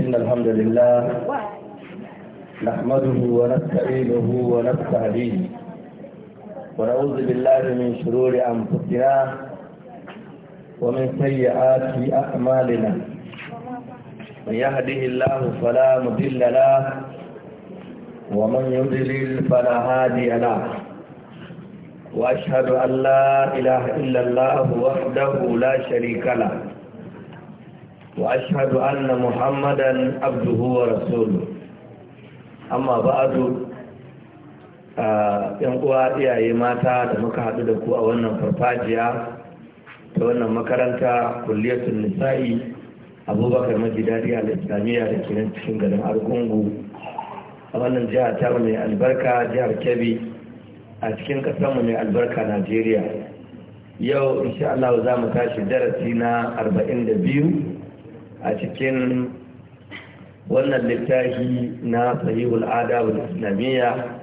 إن الحمد لله نحمده ونستعينه ونستهديه ونعوذ بالله من شرور أنفسنا ومن سيئات أعمالنا من يهده الله فلا مضل له ومن يضلل فلا هادي له وأشهد أن لا إله إلا الله وحده لا شريك له وأشهد أن محمدا عبده ورسوله أما بعد ‘yan uwa iyaye mata da muka haɗu da ku a wannan farfajiya ta wannan makaranta kulliyatun nisa'i abubakar majidadi al-islamiyya da ke cikin garin argungu a wannan jiha ta mai albarka jihar kebbi a cikin mu mai albarka Najeriya. Yau, insha Allah za mu tashi darasi na arba'in da biyu a cikin wannan littafi na sahihul adabul islamiyya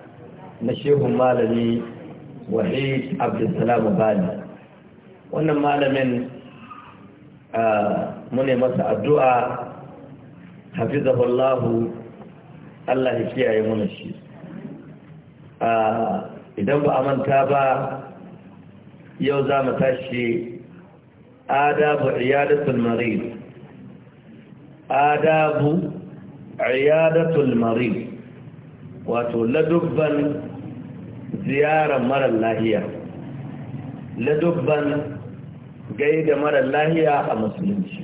na shehun malami wahid abdulsalam bali wannan malamin mune masa addu'a hafizahullahu Allah ya kiyaye mana shi idan ba a manta ba yau za mu tashi adabu iyadatul marid adabu iyadatul marid wato ladubban ziyarar marar lahiya ladubban gaida marar lahiya a musulunci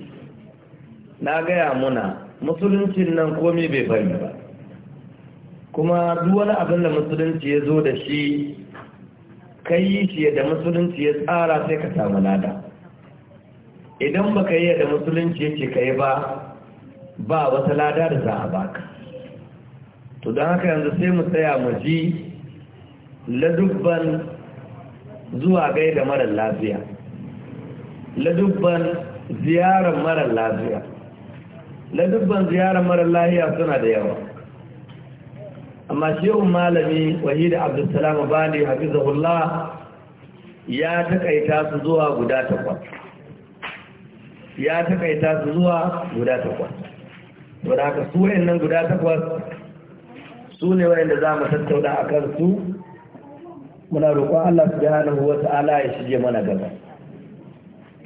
na gaya muna musuluncin nan komai bai bari ba kuma duk wani abin da musulunci ya zo da shi ka yi shi yadda musulunci ya tsara sai ka samu lada idan ba ka yi yadda musulunci ya ce ka yi ba ba wata lada da za a baka to don haka yanzu sai mu tsaya mu ji ladubban zuwa gaida marar lafiya ladubban ziyarar marar lafiya ladubban ziyarar marar lafiya suna da yawa amma shehun malami wahida abdulsalam bani hafizahullah ya takaita su zuwa guda takwas ya takaita su zuwa guda takwas wadda haka su wayannan guda takwas su ne wayanda za mu tattauna a kansu muna roƙon Allah subhanahu wa ta'ala ya shige mana gaba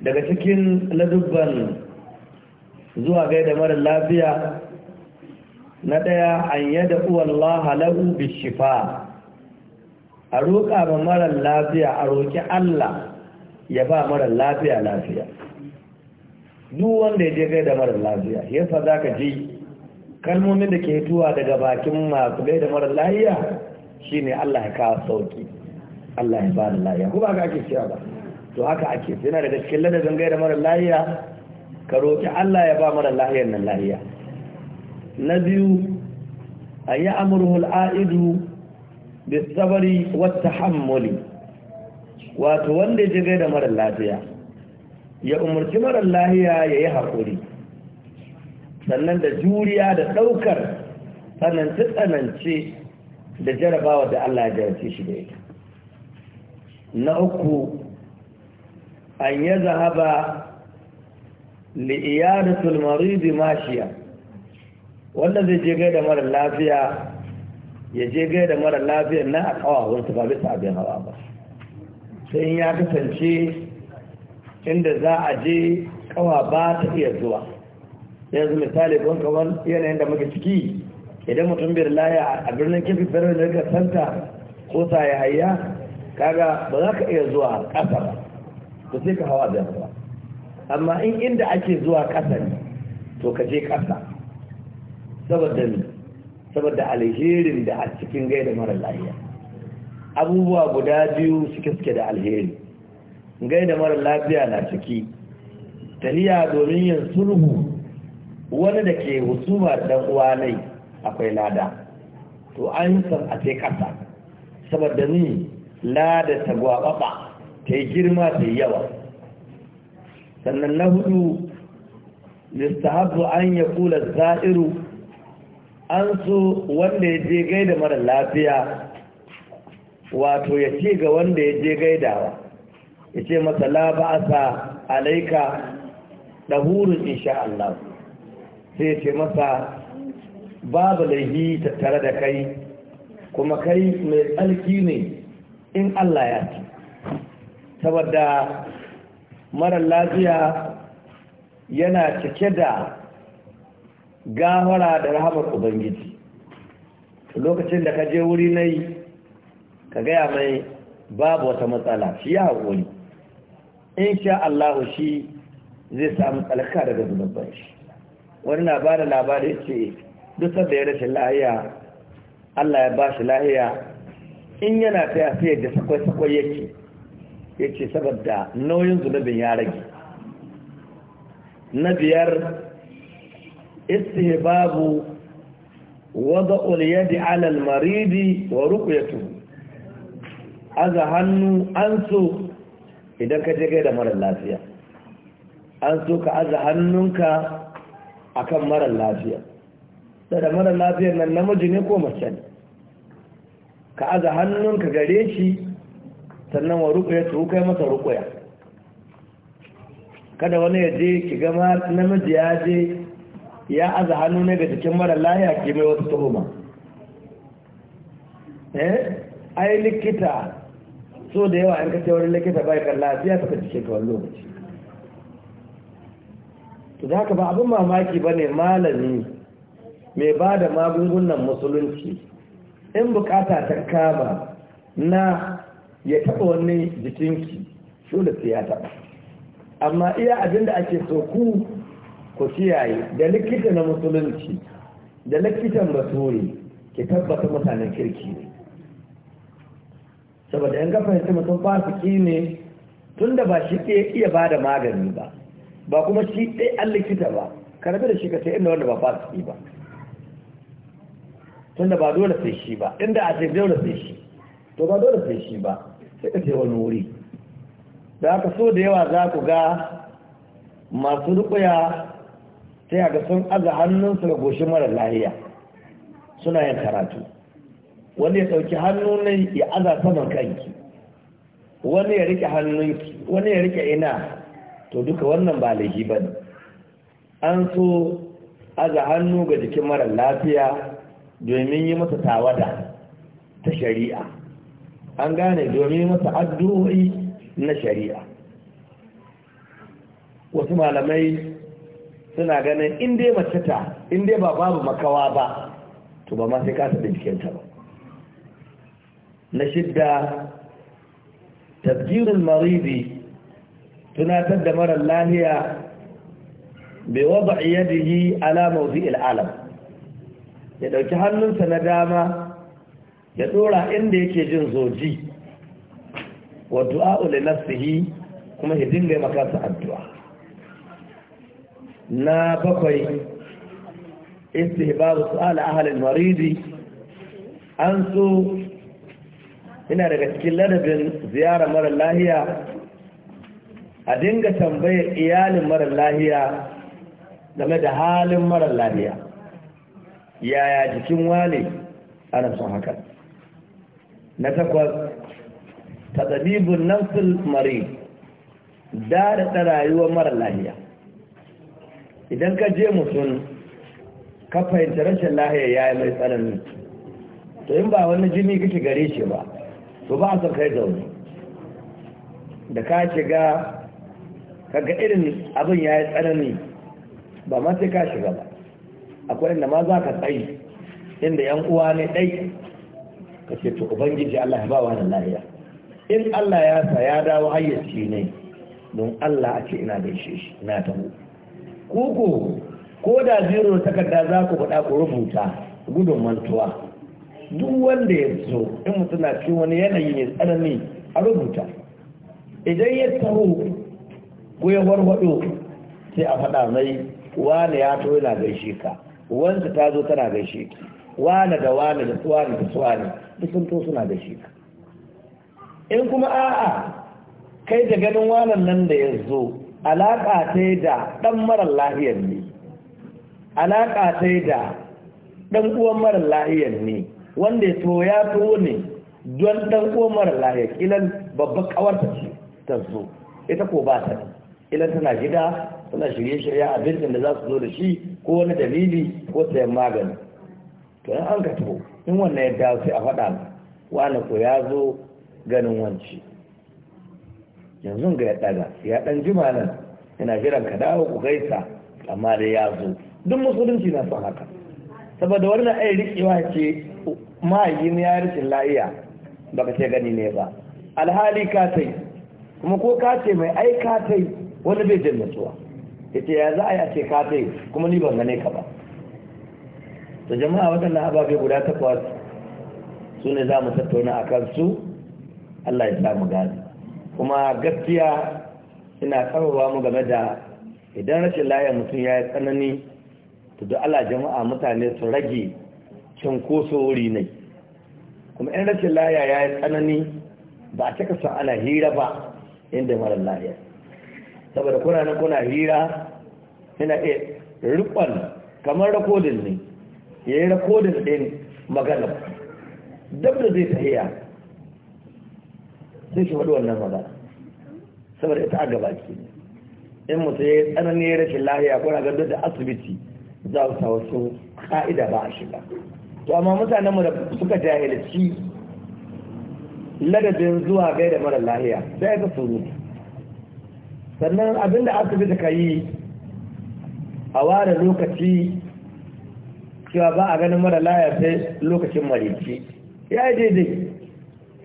daga cikin ladubban zuwa gaida mara lafiya na ɗaya an yada uwallaha lahu shifa a roƙa ba marar lafiya a roƙi Allah ya ba marar lafiya lafiya duk wanda ya je gai da marar lafiya yasa za ka ji kalmomin da ke tuwa daga bakin masu gai da marar lafiya shine Allah ya kawo sauki Allah ya ba da lafiya ko ba ka ake cewa ba to haka ake yana daga cikin ladabin gai da marar lafiya ka roƙi Allah ya ba marar lafiyar nan lafiya na biyu a yi amurhul a'idu da sabari wata hammuli wato wanda ya jigai marar lafiya ya umarci marar lafiya ya yi haƙuri sannan da juriya da ɗaukar tsanance-tsanance da jarabawa da Allah ya jarabce shi da ita na uku an yi zahaba tulmari maridi mashiya wanda zai je gaida mara lafiya ya je gaida mara lafiya na a kawawansa ba bisa abin hawa ba sai in ya kasance inda za a je kawa ba ta iya zuwa yanzu misali kun kamar yanayin da muka ciki idan mutum bai laya a birnin kifi da ga santa ko sa ya hayya kaga ba za ka iya zuwa ƙasa ba sai ka hawa abin hawa amma in inda ake zuwa ƙasa ne to ka je ƙasa saboda alherin da a cikin gaida mara lafiya, abubuwa guda biyu suke suke da alheri gaida mara lafiya na ciki tahiya domin yin sulhu wani da ke husuma dan uwa nai akwai lada to an san a ce kasa saboda ni lada ta gwababa ta yi girma ta yi yawa sannan na hudu listahabu an ya kula za'iru an so wanda ya je gaida mara lafiya wato ya ce ga wanda ya je gaidawa ya ce masa la ba'asa alaika ɗahurin insha Allah sai ce masa babu laifi tattare da kai kuma kai mai tsarki ne in Allah ya ce saboda mara lafiya yana cike da gafara da rahamar ubangiji lokacin da ka je wuri na yi ka gaya mai babu wata matsala shi ya haƙuri in sha Allah shi zai samu tsalaka daga zunubban shi wani na labari ce duk da ya rashin lahiya Allah ya ba shi lahiya in yana ta yafi da sakwai-sakwai yake ya saboda nauyin zunubin ya rage na biyar استهباب وضع اليد على المريض maridi wa ruqyatuhu aza hannu an so idan ka je da marar lafiya an ka aza hannunka akan marar lafiya da marar lafiyar gare sannan wa rukuya su kai masa kada wani ya je ki gama namiji ya je ya aza hannu ne ga jikin mara laya ke mai wasu tuhuma eh ai likita so da yawa an kace wurin likita bai kan lafiya ta cike ka lokaci to da haka ba abin mamaki ba ne malami mai ba da magungunan musulunci in bukata ta kama na ya taba wani jikinki dole sai ya taba amma iya abin da ake so ku ku kiyaye da likita na musulunci da likitan basuri ke tabbata mutanen kirki ne saboda yan fahimci mutum ki ne tun da ba shi ke iya ba da magani ba ba kuma shi ɗai an likita ba karfi da shi ka ce inda wanda ba ki ba tun da ba dole sai shi ba inda a ce dole sai shi to ba dole sai shi ba sai ka ce wani wuri da aka so da yawa za ku ga masu rukuya sai ga sun aza hannunsu ga goshin mara lahiya suna yin karatu wani ya ɗauki hannu ne ya aza saman kanki wani ya rike hannunki wani ya rike ina to duka wannan ba laifi ba ne an so aza hannu ga jikin mara lafiya domin yi masa tawada ta shari'a an gane domin masa addu'o'i na shari'a wasu malamai suna ganin in dai mace ta in dai ba babu makawa ba to ba ma sai kasa ba na shidda tafjirin maridi tunatar da marar lahiya bai waba yadihi ala mawdi'il alam ya dauki hannunsa na dama ya dora inda yake jin zoji wa du'a nafsihi kuma ya dinga makasa addu'a na bakwai istihbabu su'ala ahalin maridi an so ina daga cikin ladabin ziyara mara lahiya a dinga tambayar iyalin mara lahiya game da halin mara lahiya yaya jikin wale ana son haka na takwas ta tsabibin nafsul mari da da rayuwar mara lahiya idan ka je mutum ka fahimta rashin lahiya ya yi mai tsanani to in ba wani jini kake gare shi ba to ba a kai zaune da ka shiga kaga irin abin ya yi tsanani ba ma sai ka shiga ba akwai inda ma za ka tsayi inda yan uwa ne ɗai ka ce to ubangiji Allah ya ba wa lahiya in Allah ya sa ya dawo hayyaci ne don Allah a ce ina gaishe shi na taho koko ko da zero takarda za ku faɗa ku rubuta gudun mantuwa duk wanda ya so in mutum na cikin wani yanayi mai tsanani a rubuta idan ya taho ko ya warwado sai a faɗa mai wane ya to yana gaishe ka wanda ta zo tana gaishe ki wane da wane da suwane da suwane duk sun to suna gaishe ka in kuma a'a kai da ganin wanan nan da ya zo alaƙa ta yi da ɗan marar lahiyar ne alaƙa ta yi da ɗan uwan marar lahiyar ne wanda ya ya fi wuni don ɗan uwan marar lahiyar ilan babban ƙawarta ce ta zo ita ko ba ta ilan tana gida tana shirye-shirye abincin da za su zo da shi ko wani dalili ko sayan magani to in an ka to in wannan ya dawo sai a faɗa wani ko ya zo ganin wanci yanzu ga ya daga ya dan jima nan yana jiran ka dawo ku gaisa amma dai ya zo duk musulunci na son haka saboda wannan ai rikewa ce mahayin ya rikin ba baka ce gani ne ba alhali ka tai kuma ko ka ce mai ai ka tai wani bai jin nutsuwa yace ya za a yi a ce ka tai kuma ni ban gane ka ba to jama'a waɗannan ababe guda takwas su ne za mu tattauna a kansu Allah ya mu gani kuma gaskiya ina karowa mu game da idan rashin layar mutum ya yi tsanani to da Allah jama'a mutane su rage koso wuri ne kuma in rashin layar ya yi tsanani ba a cika son ana hira ba inda mara layar saboda kuna nan kuna hira yana iya rikon kamar rikodin ne ya yi rakodin ɗin magana dabda zai tahiya sai shi faɗi wannan magana saboda ita a gaba ke in mutu ya yi tsanani rashin lahiya ko na gandun da asibiti za su sa wasu ka'ida ba a shiga to amma mutanen mu da suka jahilci ladabin zuwa gaida mara lahiya sai ka suru sannan abinda asibiti ka yi a ware lokaci cewa ba a ganin mara lahiya sai lokacin marici ya yi daidai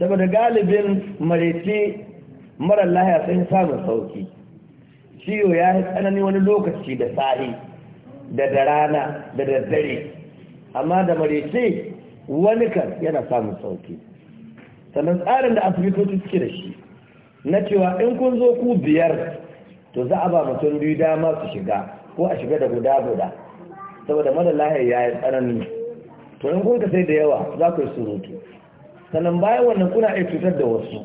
saboda galibin marece mara lahiya sun samun sauki ciwo ya yi tsanani wani lokaci da sahi da da rana da daddare amma da marece wani kan yana samun sauki sannan tsarin da asibitoci suke da shi na cewa in kun zo ku biyar to za a ba mutum biyu dama su shiga ko a shiga da guda guda saboda mara lahiya ya yi tsanani to in kun ka sai da yawa za ku yi surutu sannan bayan wannan kuna iya cutar da wasu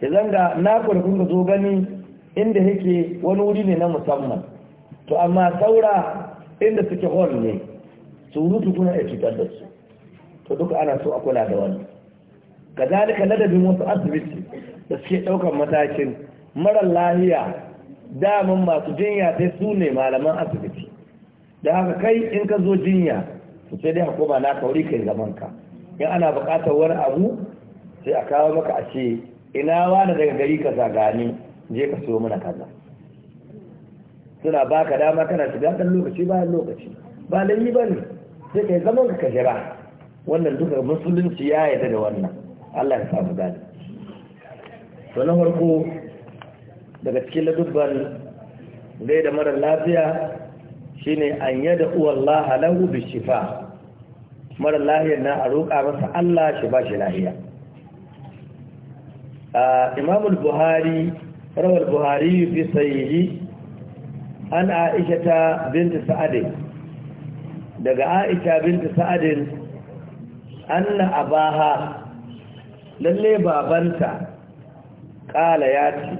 ya zanga na da kuka zo gani inda yake wani wuri ne na musamman to amma saura inda suke hall ne surutu kuna iya cutar da su to duka ana so a kula da wani zalika ladabin wasu asibiti da suke ɗaukar matakin marar lahiya daman masu jinya sai su ne malaman asibiti da haka kai in ka zo jinya sai dai hukuma na kauri kai zaman ka in ana bukatar wani abu sai a kawo maka a ce ina wani daga gari ka zagani je ka siyo mana kaza suna baka dama kana shiga ɗan lokaci bayan lokaci ba lalli ba ne sai ka yi zaman ka ka jira wannan duka musulunci ya yarda da wannan Allah ya samu gani to na farko daga cikin ladubban zai da mara lafiya shine an yada uwallaha lahu bishifa mara lahiyar na a roƙa masa Allah shi ba shi lahiya imamul buhari rawar buhari fi sahihi an aisha ta binta sa'adin daga aisha binta sa'adin anna abaha lalle babanta ƙala ya ce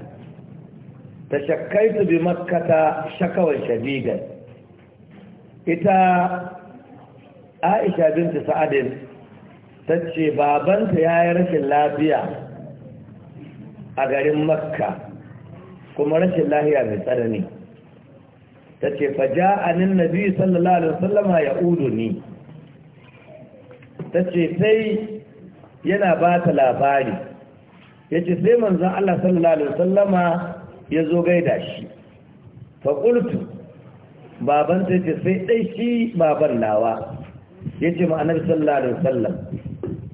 ta shakkaitu bi makkata shakawar shabigar. ita aisha binta sa'adin ta ce babanta ya yi rashin lafiya a garin makka kuma rashin lahiya mai tsanani ta ce faja nan nabi sallallahu alaihi wasallama ya udu ni ta ce sai yana ba ta labari ya ce sai manzan Allah sallallahu alaihi wasallama ya zo gaida shi faƙultu babanta ce sai ɗai shi baban nawa ya ce ma'anar sallallahu alaihi wasallam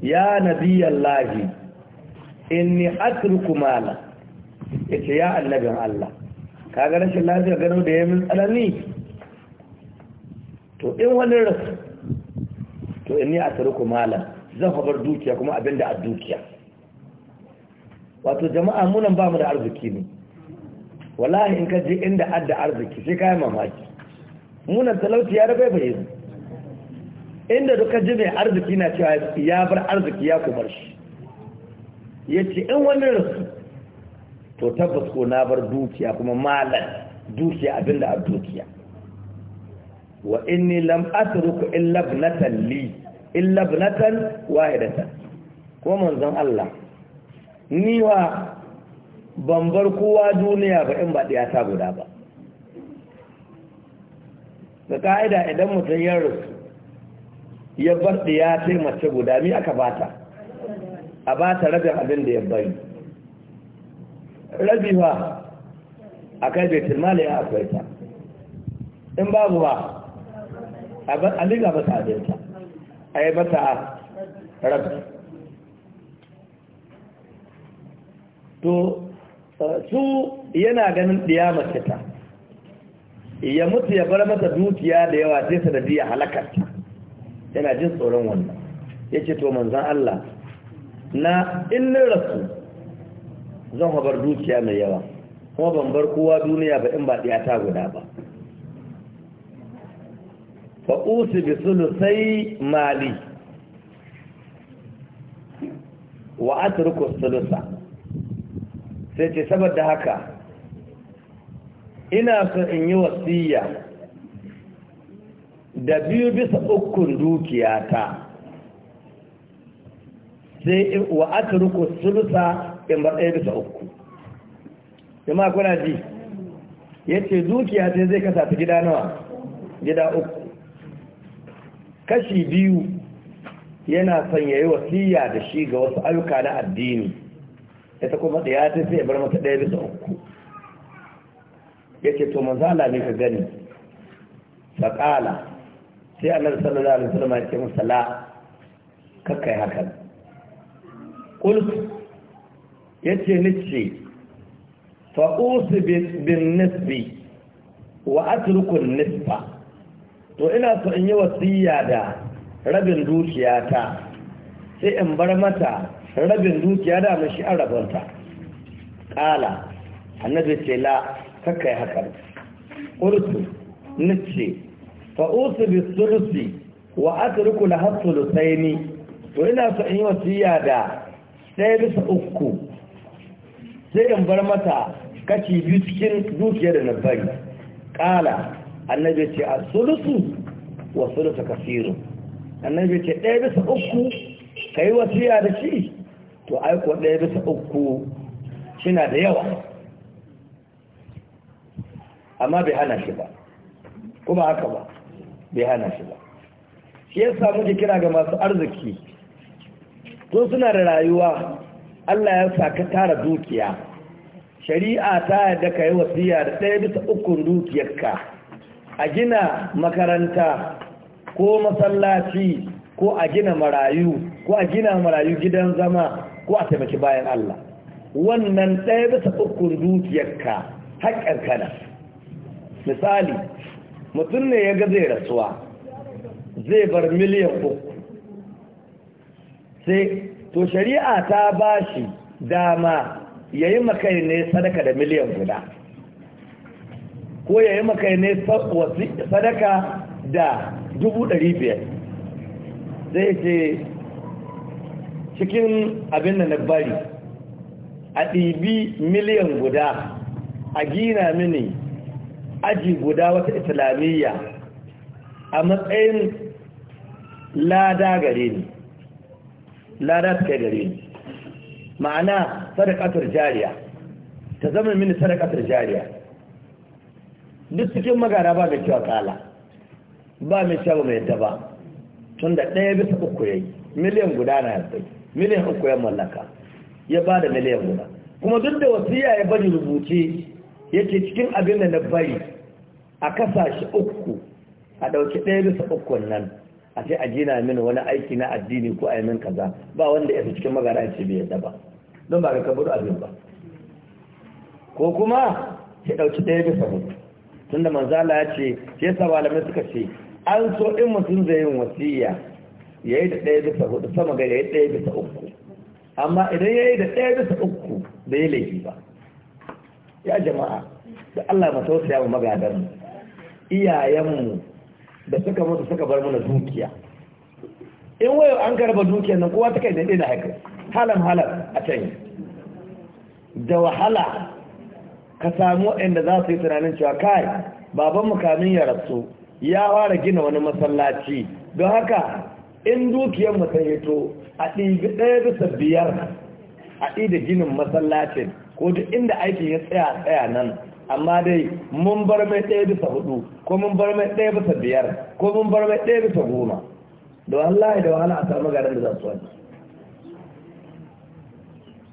ya in inni atruku mala ya ce ya annabin Allah ka kaga rashin lafiya gano da ya min tsanani to in wani rasu to inni atruku mala zan habar dukiya kuma da a dukiya wato jama'a munan ba mu da arziki ne wallahi in ka je inda adda arziki sai kayan mamaki munan talauci ya rabai bai inda duka ji mai arziki na cewa ya bar arziki ya kuma shi ya ce in wani rasu to tabbas ko na bar dukiya kuma malar dukiya abinda a dukiya wa inni lam atruku illa ibnatan li illa ibnatan wahidatan ko manzon Allah ni wa kowa duniya ba in ba ɗaya ta guda ba da ka'ida idan mutum ya rasu ya bar ya sai mace guda mi aka bata a bata rabin abin da ya bari rabi ba a kai betul mali ya akwai ta in babu ba a liga ta abin ta a yi ta rabi to su yana ganin ɗiya mace ta ya mutu ya bar mata dukiya da yawa sai sanadiyar halakarta yana jin tsoron wannan ya ce to manzan Allah na inna rasu zan habar dukiya mai yawa kuma ban bar kowa duniya ba in ba ta guda ba fa'usu bi sulusai mali wa aturku sulusa sai ce saboda haka ina so in yi wasiya da biyu bisa ukun dukiyata sai wa ruku sulusa in ba ɗaya bisa uku jama'a kuna ji ce dukiya sai zai kasa ta gida nawa gida uku kashi biyu yana son yayi wasiya da shi ga wasu ayyuka na addini ita kuma ɗaya ta sai ya bar mata ɗaya bisa uku ya ce to manzo ne ka gani faƙala sai annabi sallallahu alaihi wasallam ya ce masa la kakkai hakan qult yace nace fa usi bin nisbi wa atruku nisba to ina so in yi wasiya da rabin dukiyata sai in bar mata rabin dukiya da mashi an rabonta ƙala annabi ce la kakkai hakan ƙurtu ce. fa usu bi sulusi wa atruku laha sulusaini to ina so in yi wasiya da ɗaya bisa uku sai in bar mata kaci biyu cikin dukiya da na bari ƙala annabi ce a sulusu wa sulusa kasiru annabi ce ɗaya bisa uku ka yi wasiya da shi to aiko ɗaya bisa uku shina da yawa amma bai hana shi ba kuma haka ba bai hana shi ba shi yasa samu jikira ga masu arziki tun suna da rayuwa Allah ya saka tara dukiya shari'a ta yadda ka yi wasiya da ɗaya bisa ukun dukiyarka a gina makaranta ko masallaci ko a gina marayu ko a gina marayu gidan zama ko a taimaki bayan Allah wannan ɗaya bisa ukun dukiyarka haƙƙar kana misali mutum ne ya ga zai rasuwa zai bar miliyan uku sai to shari'a ta ba shi dama ya yi makai ne sadaka da miliyan guda ko ya yi makai ne sadaka da dubu ɗari biyar zai ce cikin abin da na bari a ɗibi miliyan guda a gina mini aji guda wata islamiyya a matsayin lada gare ni lada suke gare ni ma'ana sadakatar jariya ta zama mini sadakatar jariya duk cikin magana ba mai cewa kala ba mai cewa mai yadda ba tun da ɗaya bisa uku yayi miliyan guda na yadda miliyan uku ya mallaka ya ba da miliyan guda kuma duk da wasu ya bari rubuce yake cikin abin da na bari a kasashe uku a ɗauki ɗaya bisa ukun nan a ce a jina mini wani aiki na addini ko a min kaza ba wanda ya fi cikin magana ce bai yadda ba don ba ga kabur abin ba ko kuma ya ɗauki ɗaya bisa hudu tun da manzala ya ce ce sa malamai suka ce an so in mutum zai yin wasiya ya yi da ɗaya bisa hudu sama ga ya yi ɗaya bisa uku amma idan ya yi da ɗaya bisa uku bai yi laifi ba ya jama'a da Allah mu tausaya mu magadan iyayenmu da suka mutu suka bar mana dukiya in wayo an karba dukiyar nan kowa ta kai daidai da haka halan halan a can da wahala ka samu inda za su yi tunanin cewa kai baban mukamin ya rasu ya fara gina wani masallaci don haka in dukiyar mu ta hito a ɗibi ɗaya bisa biyar a ɗi da ginin masallacin ko duk inda aikin ya tsaya tsaya nan amma dai mun bar mai ɗaya bisa hudu ko mun bar mai ɗaya bisa biyar ko mun bar mai ɗaya bisa goma da wallahi da wahala a samu garin da za su wani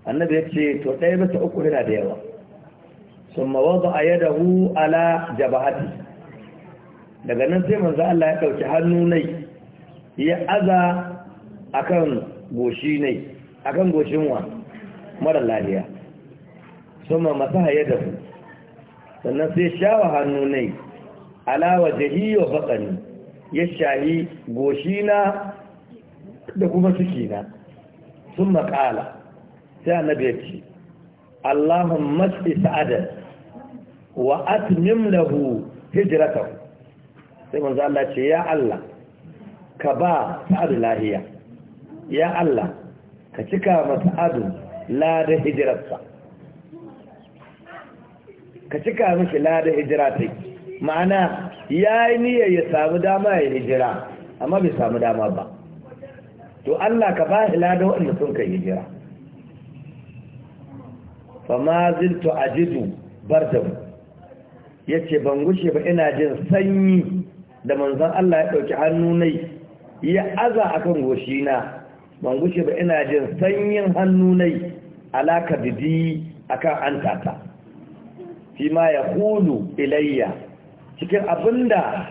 annabi ya ce to ɗaya bisa uku yana da yawa sun mawaza a yada hu ala jabahati daga nan sai manzo Allah ya ɗauki hannu nai ya aza akan goshi nai akan goshin wa mara lafiya sun ma masaha yada hu sannan sai shawa hannu ne alawa jahi wa batsani ya shahi goshina da kuma cikina sun makala sai annabi ya ce Allahun mashi sa'adar wa atmim lahu hijiratar sai manzo Allah ce ya Allah ka ba sa'adu lahiya ya Allah ka cika masa adu la da hijirarsa ka cika mashi ladan hijira ta ma'ana ya yi niyyar ya samu dama ya hijira amma bai samu dama ba to Allah ka ba shi ladan wanda sun kai hijira fa ma ziltu ajidu ya yace ban gushe ba ina jin sanyi da manzon Allah ya ɗauki hannu nai ya aza akan goshi na ban gushe ba ina jin sanyin hannu nai alaka bidi akan antata fi ma ya hudu ilayya cikin abinda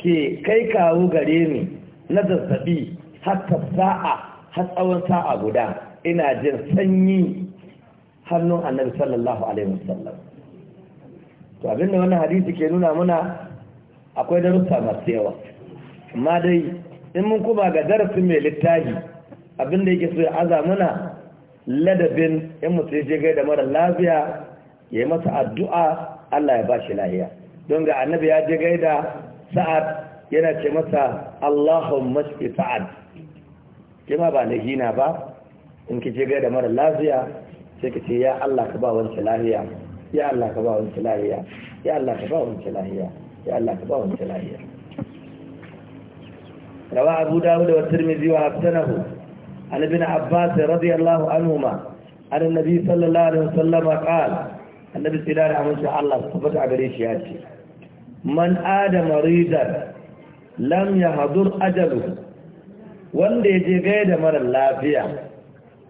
ke kai kawo gare ni na zazzabi har sa'a har tsawon sa'a guda ina jin sanyi hannun annabi sallallahu alaihi wasallam to abinda wannan hadisi ke nuna muna akwai darussa masu yawa amma dai in mun kuma ga darasin mai littafi abinda yake so ya aza muna ladabin in mutum je gaida mara lafiya ya yi masa addu'a Allah ya ba shi lahiya don ga annabi ya je gaida sa'ad yana ce masa Allahumma shi sa'ad ke ba ba lahina ba in ki je gaida mara lafiya sai ki ce ya Allah ka ba wancan lahiya ya Allah ka ba wancan lahiya ya Allah ka ba wancan lahiya ya Allah ka ba wancan lahiya rawa Abu Dawud wa Tirmidhi wa Hasanahu an ibn Abbas radiyallahu anhuma an annabi sallallahu alaihi wasallam qala annabi sai da shi Allah tabbata a gare shi ya ce man adama ridan lam yahdur ajalu wanda yaje gaya da mara lafiya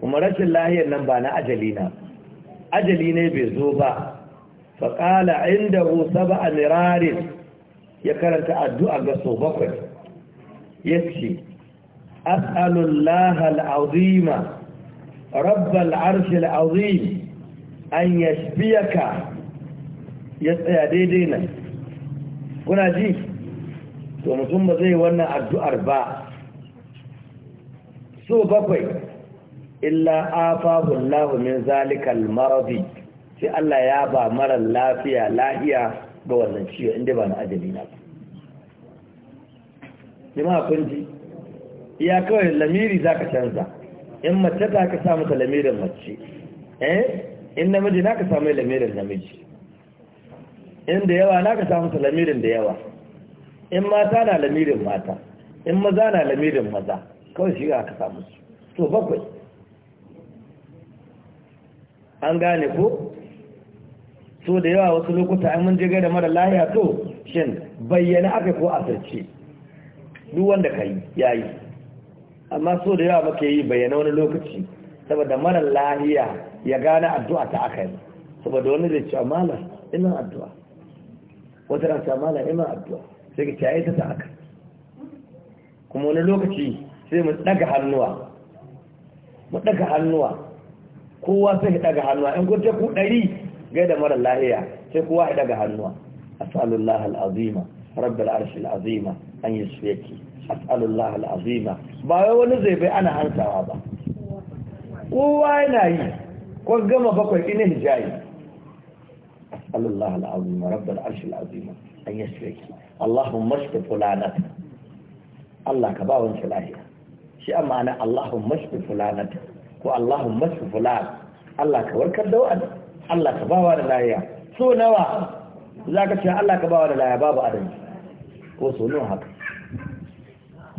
kuma rashin lahiyar nan ba na ajali na ajali ne bai zo ba fa qala indahu sab'a mirarin ya karanta addu'a ga so bakwai yace as'alullaha al-azima rabbal arshil azim an yashbiyaka ya tsaya daidai nan kuna ji to mutum ba zai wannan addu'ar ba so bakwai illa afahun lahu min zalikal maradi sai Allah ya ba marar lafiya lahiya ga wannan ciwo inda ba na ajali na ba kun ji iya kawai lamiri za ka canza in mace ta ka sa mata lamirin mace eh in namiji na ka samu lamirin namiji in da yawa na ka samu lamirin da yawa in mata na lamirin mata in maza na lamirin maza kawai shi ka samu su to bakwai an gane ko so da yawa wasu lokuta an mun jigar da mara lahiya to shin bayyana aka ko asirce duk wanda ka yi ya yi amma so da yawa maka yi bayyana wani lokaci saboda mara lahiya ya gane addu'a ta aka yi saboda wani zai cewa mala ina addu'a wata na cewa mala ina addu'a sai ka kyaye ta ta aka kuma wani lokaci sai mu daga hannuwa mu daga hannuwa kowa sai ka daga hannuwa in kun teku ɗari gai da mara lahiya sai kowa ya daga hannuwa asalullah al'azima rabbal arshil azima an yi su yake asalullah al'azima ba wai wani zai bai ana hantawa ba kowa yana yi ko gama bakwai ina hijayi Allah al'azim rabbal arshil azim an yasriki Allahumma shfi fulanata Allah ka ba wancan lafiya shi amma ana Allahumma shfi fulanata ko Allahumma shfi fulan Allah ka warkar da wa'ad Allah ka ba wa da lafiya so nawa zaka ce Allah ka ba wa da lafiya babu adam ko so nawa haka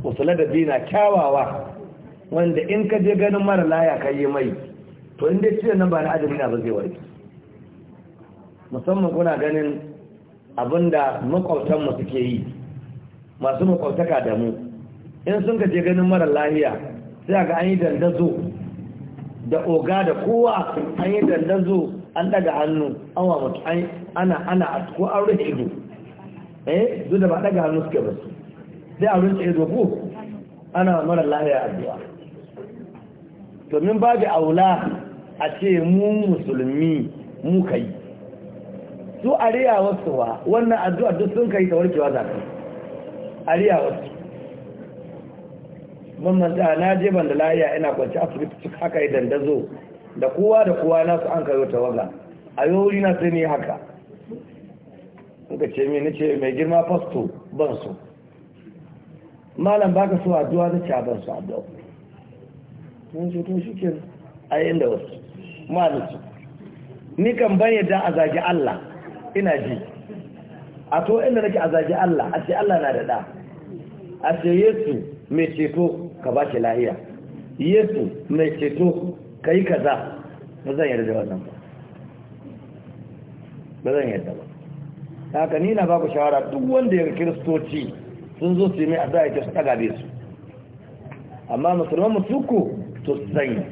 wasu ladabi na kyawawa wanda in ka je ganin mara laya ka yi mai to inda ciwon nan ba na azumi ne ba zai warke musamman kuna ganin abinda makwautanmu suke yi masu makwautaka da mu in sun je ganin mara lahiya sai ga an yi dandazo da oga da kowa an yi dandazo an daga hannu an wa mutu ana ana ko an rufe ido eh duk da ba daga hannu suke ba sai a rufe ido ko ana mara lahiya addu'a domin babu aula a ce mu musulmi mu kai su ariya wasu wa wannan addu'ar duk sun kai ta warkewa za ka ariya wasu mamanta na je ban da lahiya ina kwanci asibiti su haka idan da zo da kowa da kowa nasu an kayo waga a yi wuri na sai ne haka suka ce mai nace mai girma fasto ban su malam baka so addu'a na ce ban su addu'a mun ce to shi ke a da wasu malusu ni kan ban yadda a zagi Allah ina ji a to inda nake a zagi Allah a ce Allah na da da a ce Yesu mai ceto ka ba shi lahiya Yesu mai ceto ka yi kaza ba zan yarda da wannan ba ba zan yarda ba haka nina ba ku shawara duk wanda ya kiristoci sun zo su yi mai a za a yi su ɗaga su amma musulman mutuku to sanya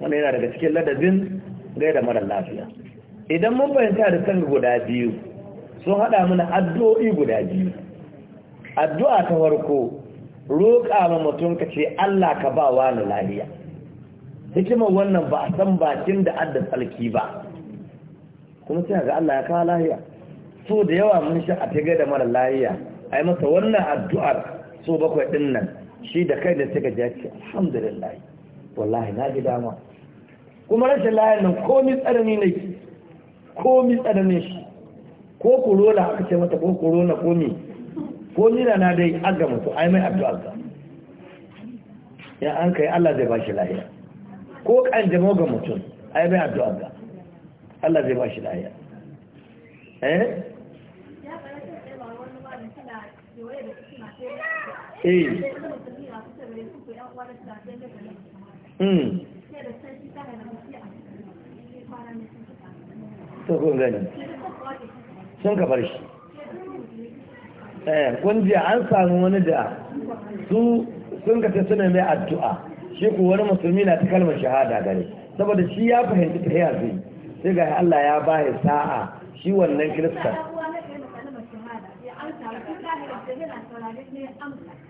wanda yana daga cikin ladabin gaida mara lafiya idan mun bayanta da san guda biyu sun haɗa mana addu'o'i guda biyu addu'a ta farko roƙa ma mutum ka ce Allah ka ba wa ni lafiya hikimar wannan ba a san bakin da adda tsalki ba kuma sai ga Allah ya kawo lafiya so da yawa mun sha a tage da mara lafiya a yi masa wannan addu'ar so bakwai ɗin shi da kai da suka jace alhamdulillah wallahi na ji dama kuma rashin layan nan komi tsanani ne ki komi tsanani shi ko corona aka ce mata ko corona komi komi na na dai an mutu to ai mai addu'a ga ya an kai Allah zai bashi lahiya ko kan jamo ga mutum ai mai addu'a ga Allah zai shi lahiya eh eh Hmm. kun gani sun shi eh, kungiya an samu wani da su sun ka suna mai addu'a shi ko wani musulmi na ta kalmar shahada gare saboda shi ya fahimci ta ya zai sai ga Allah ya ba ya sa'a shi wannan kirista.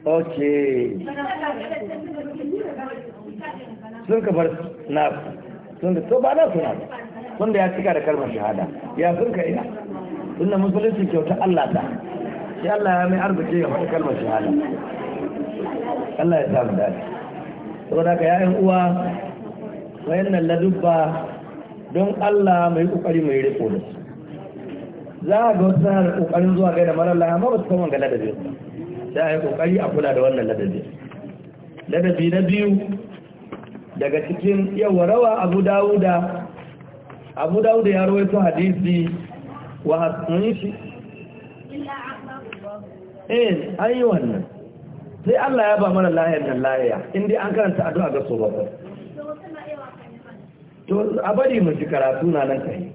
ok sun ka bar nasu sun da to ba na suna sun da ya cika da kalmar shahada ya sun ka ina sun da musulunci kyauta Allah ta shi Allah ya mai arziki ya faɗi kalmar shahada Allah ya samu dace saboda ka ya'yan uwa wayannan ladubba don Allah mai kokari mai riko da za a ga wasu sanar kokarin zuwa gaida marar laha ma ba su kama ga ladabi ba sai a yi kokari a kula da wannan ladabi ladabi na biyu daga cikin yawa rawa abu dawuda abu dawuda ya rawaito hadisi wa hasmin shi ayi eh, an yi wannan sai Allah ya ba mana lahiyar nan lahiya inda an karanta addu'a ga su bakwai to a bari mu ji karatu na nan kai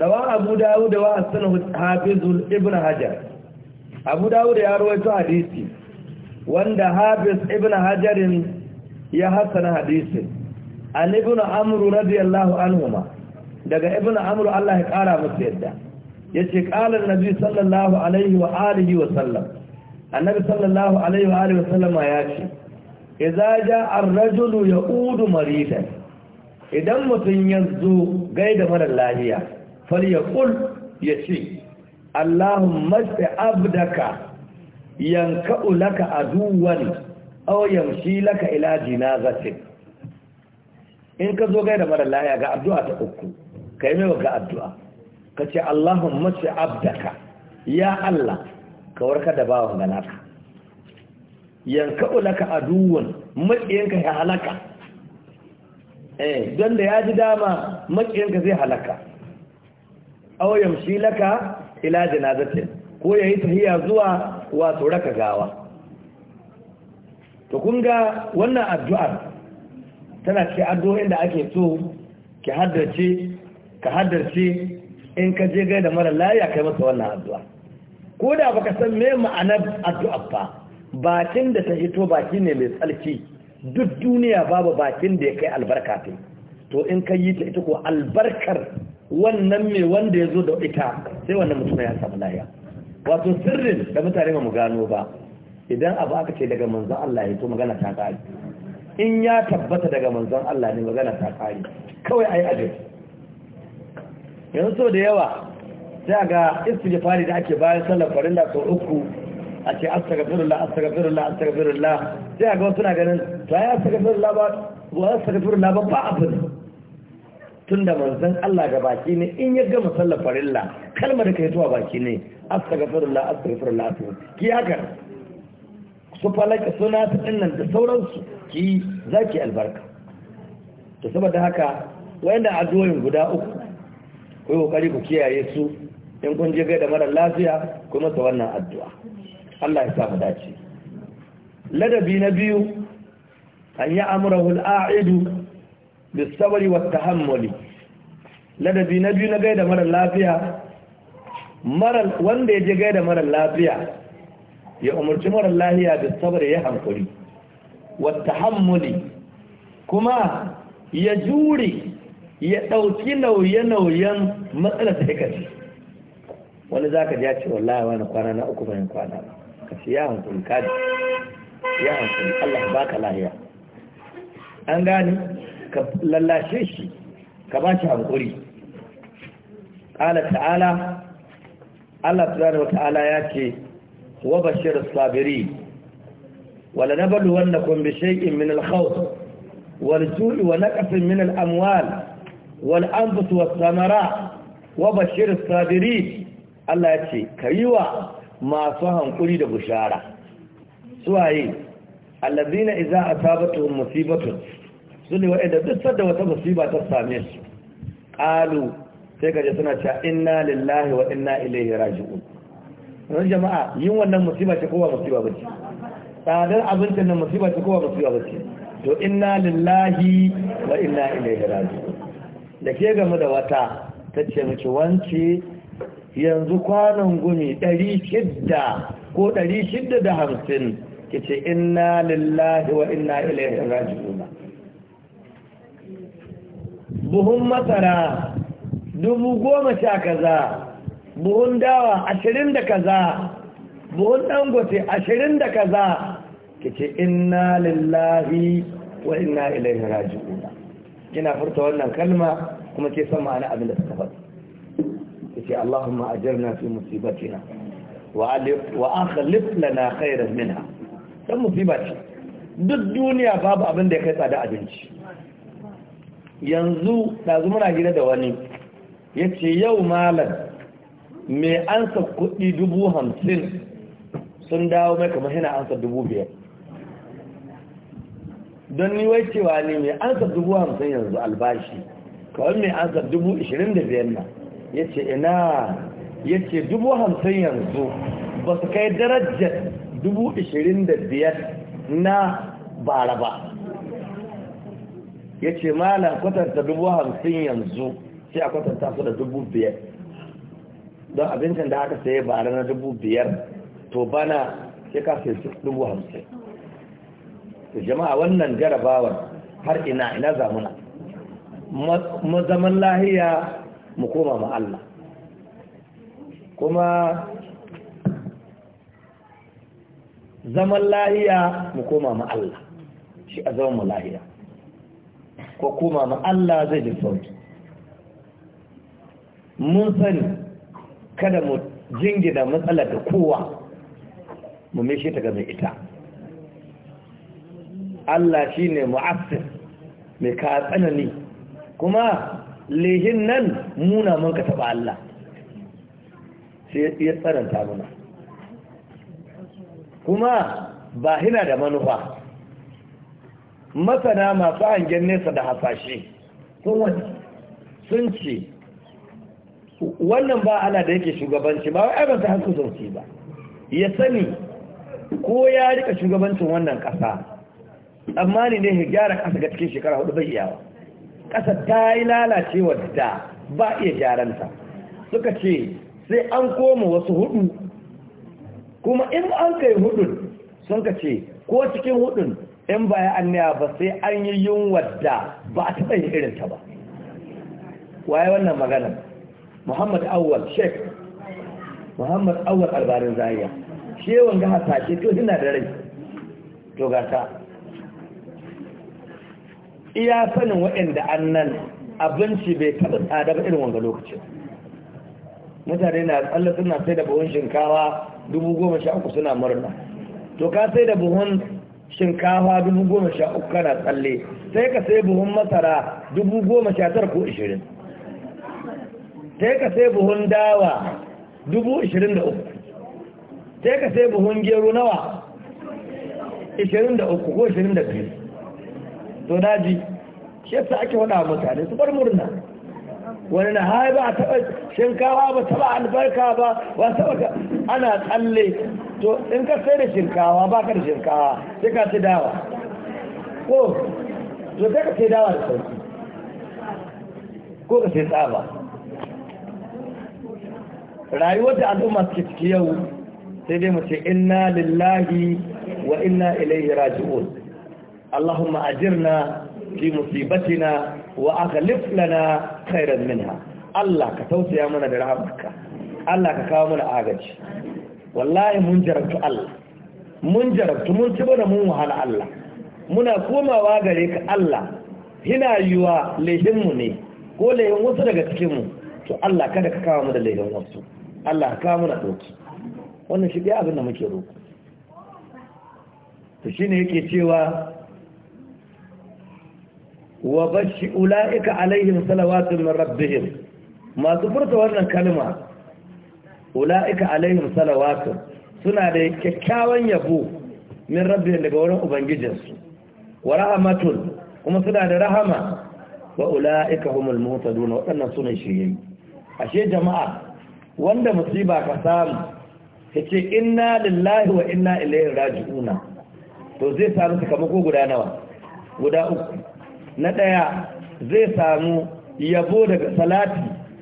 rawa abu dawuda wa hassan hafizul ibn hajar abu dawuda ya rawaito hadisi wanda hafiz ibn hajarin ya hasana hadisi an ibn amru radiyallahu anhuma daga ibn amru Allah ya kara musu yadda yace qala an-nabi sallallahu alaihi wa alihi wa sallam annabi sallallahu alaihi wa alihi wa sallama yace idza jaa ar-rajulu ya'udu maridan idan mutun yazo gaida mara lafiya yaqul yace allahumma abdaka yanka'u laka aduwani aw yamshi laka ila jinazatin in ka zo gaida mara laya ga addu'a ta uku ka yi ga addu'a ka Allahumma shi abdaka ya Allah ka warka da bawan ganaka yanka ulaka aduwan makiyanka ya halaka eh don da ya ji dama makiyanka zai halaka auyam shi laka ila jinazatin ko ya yi tahiya zuwa wato raka gawa to kun ga wannan addu'ar tana ce addu'o'in da ake so ki haddace ka haddace in ka je gaida mara laya kai masa wannan addu'a ko da baka san me ma'anar addu'a ba bakin da ta hito baki ne mai tsarki duk duniya babu bakin da ya kai albarka ta to in ka yi ta ita ko albarkar wannan mai wanda ya zo da ita sai wannan mutum ya samu laya wato sirrin da mutane ba mu gano ba idan abu aka ce daga manzon Allah ya to magana ta kare in ya tabbata daga manzon Allah ne magana ta kare kawai ai ajin yanzu so da yawa sai ga istighfari da ake bayan sallar farilla sau uku a ce astaghfirullah astaghfirullah astaghfirullah sai ga wasu na ganin to ai astaghfirullah ba wa astaghfirullah ba ba abin tunda manzon Allah ga baki ne in ya gama sallar farilla kalmar da kai zuwa baki ne astaghfirullah astaghfirullah ki haka su falaka suna ta dinnan da sauransu ki za ki albarka to saboda haka a addu'o'in guda uku ku yi kokari ku kiyaye su in kun je da mara lafiya ku masa wannan addu'a Allah ya sa dace ladabi na biyu an yi amurahu al'a'idu bis sabri wa tahammuli ladabi na biyu na gaida mara lafiya mara wanda ya je gaida mara lafiya ya umarci mara lahiya da sabar ya hankali wata hammuli kuma ya jure ya ɗauki nauye-nauyen matsalar da ya wani za ka ja ce wallahi wani kwana na uku bayan kwana ka ce ya hankuri kaji ya hankali Allah ba ka lahiya an gani ka lallashe shi ka ba shi hankuri ƙala ta'ala Allah subhanahu wa ta'ala ya ce وبشر الصابرين ولنبلونكم بشيء من الخوف والجوع ونقص من الأموال والأنفس والثمرات وبشر الصابرين الله يتشي كيوا ما صهم قليد بشارة سواهي الذين إذا أصابتهم مصيبة سني وإذا دست وتمصيبة الساميش قالوا سيكا جسنا إنا لله وإنا إليه راجعون wani jama'a yin wannan musiba ce kowa musiba ba ce tsadar abincin nan musiba ce kowa musiba ba ce to inna lillahi wa inna ilaihi raji da ke game da wata ta ce mace wance yanzu kwanan gumi 600 ko 650 shidda da hamsin ki ce inna lillahi wa inna ilaihi raji buhun masara dubu goma sha kaza buhun dawa ashirin da kaza buhun dangote ashirin da kaza ki ce inna lillahi wa inna ilaihi raji'un kina furta wannan kalma kuma ke san ma'ana abin da ta ce kace Allahumma ajirna fi musibatina wa wa akhlif lana khairan minha dan musiba ce duk duniya babu abin da ya kai tsada abinci yanzu dazu muna gida da wani yace yau malam mai ansa kuɗi dubu hamsin sun dawo mai kamar yana ansa dubu biyar don ni wai cewa ne mai ansa dubu hamsin yanzu albashi kawai mai ansa dubu ishirin da biyar na ya ce ina ya ce dubu hamsin yanzu ba su kai darajar dubu ishirin da biyar na bara ba ya ce ma na kwatanta dubu hamsin yanzu sai a kwatanta su da dubu biyar don abincin da aka saye ba na dubu biyar to bana sai ka sai dubu hamsin to jama'a wannan jarabawar har ina ina zamuna mu zaman lahiya mu koma ma Allah kuma zaman lahiya mu koma ma Allah shi a zaman mu lahiya ko koma ma Allah zai ji sauki mun sani kada mu jingina matsala da kowa mu shi ta game ita Allah shi ne mu'assir mai ka tsanani kuma lehin nan muna mun ka taɓa Allah sai ya tsananta muna kuma ba hina da manufa masana masu hangen nesa da hasashe sun ce wannan ba ana da yake shugabanci ba wai ban ta hanku sauki ba ya sani ko ya rika shugabancin wannan kasa tsammani ne ya gyara kasa ga cikin shekara hudu bai iyawa kasa ta yi lalacewa da ba iya gyaranta suka ce sai an koma wasu hudu kuma in an kai hudun sun ka ce ko cikin hudun in ba baya annaya ba sai an yi yunwa da ba a taɓa yin irinta ba waye wannan maganar muhammad awwal Sheikh muhammad awwal albarin zariya shewan ga hasashe to suna da rai to gasa iya sanin waɗanda annan abinci bai taɓa tsada ba irin wanga lokacin mutane na tsalle suna sai da buhun shinkawa dubu goma sha uku suna murna to ka sai da buhun shinkawa dubu goma sha uku kana tsalle sai ka sai buhun masara dubu goma sha tara ko ishirin sai ka sai buhun dawa dubu ishirin da uku sai ka sai buhun gero nawa ishirin da uku ko ishirin da biyu to daji shi yasa ake wada mutane su bar murna wani na hai ba a taɓa shinkawa ba taɓa albarka ba ba taɓa ka ana tsalle to in ka sai da shinkawa ba ka da shinkawa sai ka sai dawa ko to sai ka sai dawa da sauki ko ka sai tsaba rayuwar da al'umma suke ciki yau sai dai mu ce inna lillahi wa inna ilaihi raji'un allahumma ajirna fi musibatina wa aghlif lana khairan minha Allah ka tausaya mana da rahamarka Allah ka kawo mana agaji wallahi mun jarabtu Allah mun jarabtu mun ci da mun wahala Allah muna komawa gare ka Allah hina yiwa lehinmu ne ko lehin wasu daga cikinmu to Allah kada ka kawo mu da lehin wasu Allah ka muna ɗauki wannan shi ɗaya abin muke roƙo to shi ne yake cewa wa bashi ula'ika alaihim salawatun min rabbihim masu furta wannan kalma ula'ika alaihim salawatun suna da kyakkyawan yabo min rabbihim daga wurin ubangijinsu wa rahamatun kuma suna da rahama wa ula'ika humul mutadun waɗannan sunan shirye ashe jama'a wanda musiba ka samu ka ce inna lillahi wa inna ilayhi raji'una to zai samu sakamako guda nawa guda uku na ɗaya zai samu yabo daga salati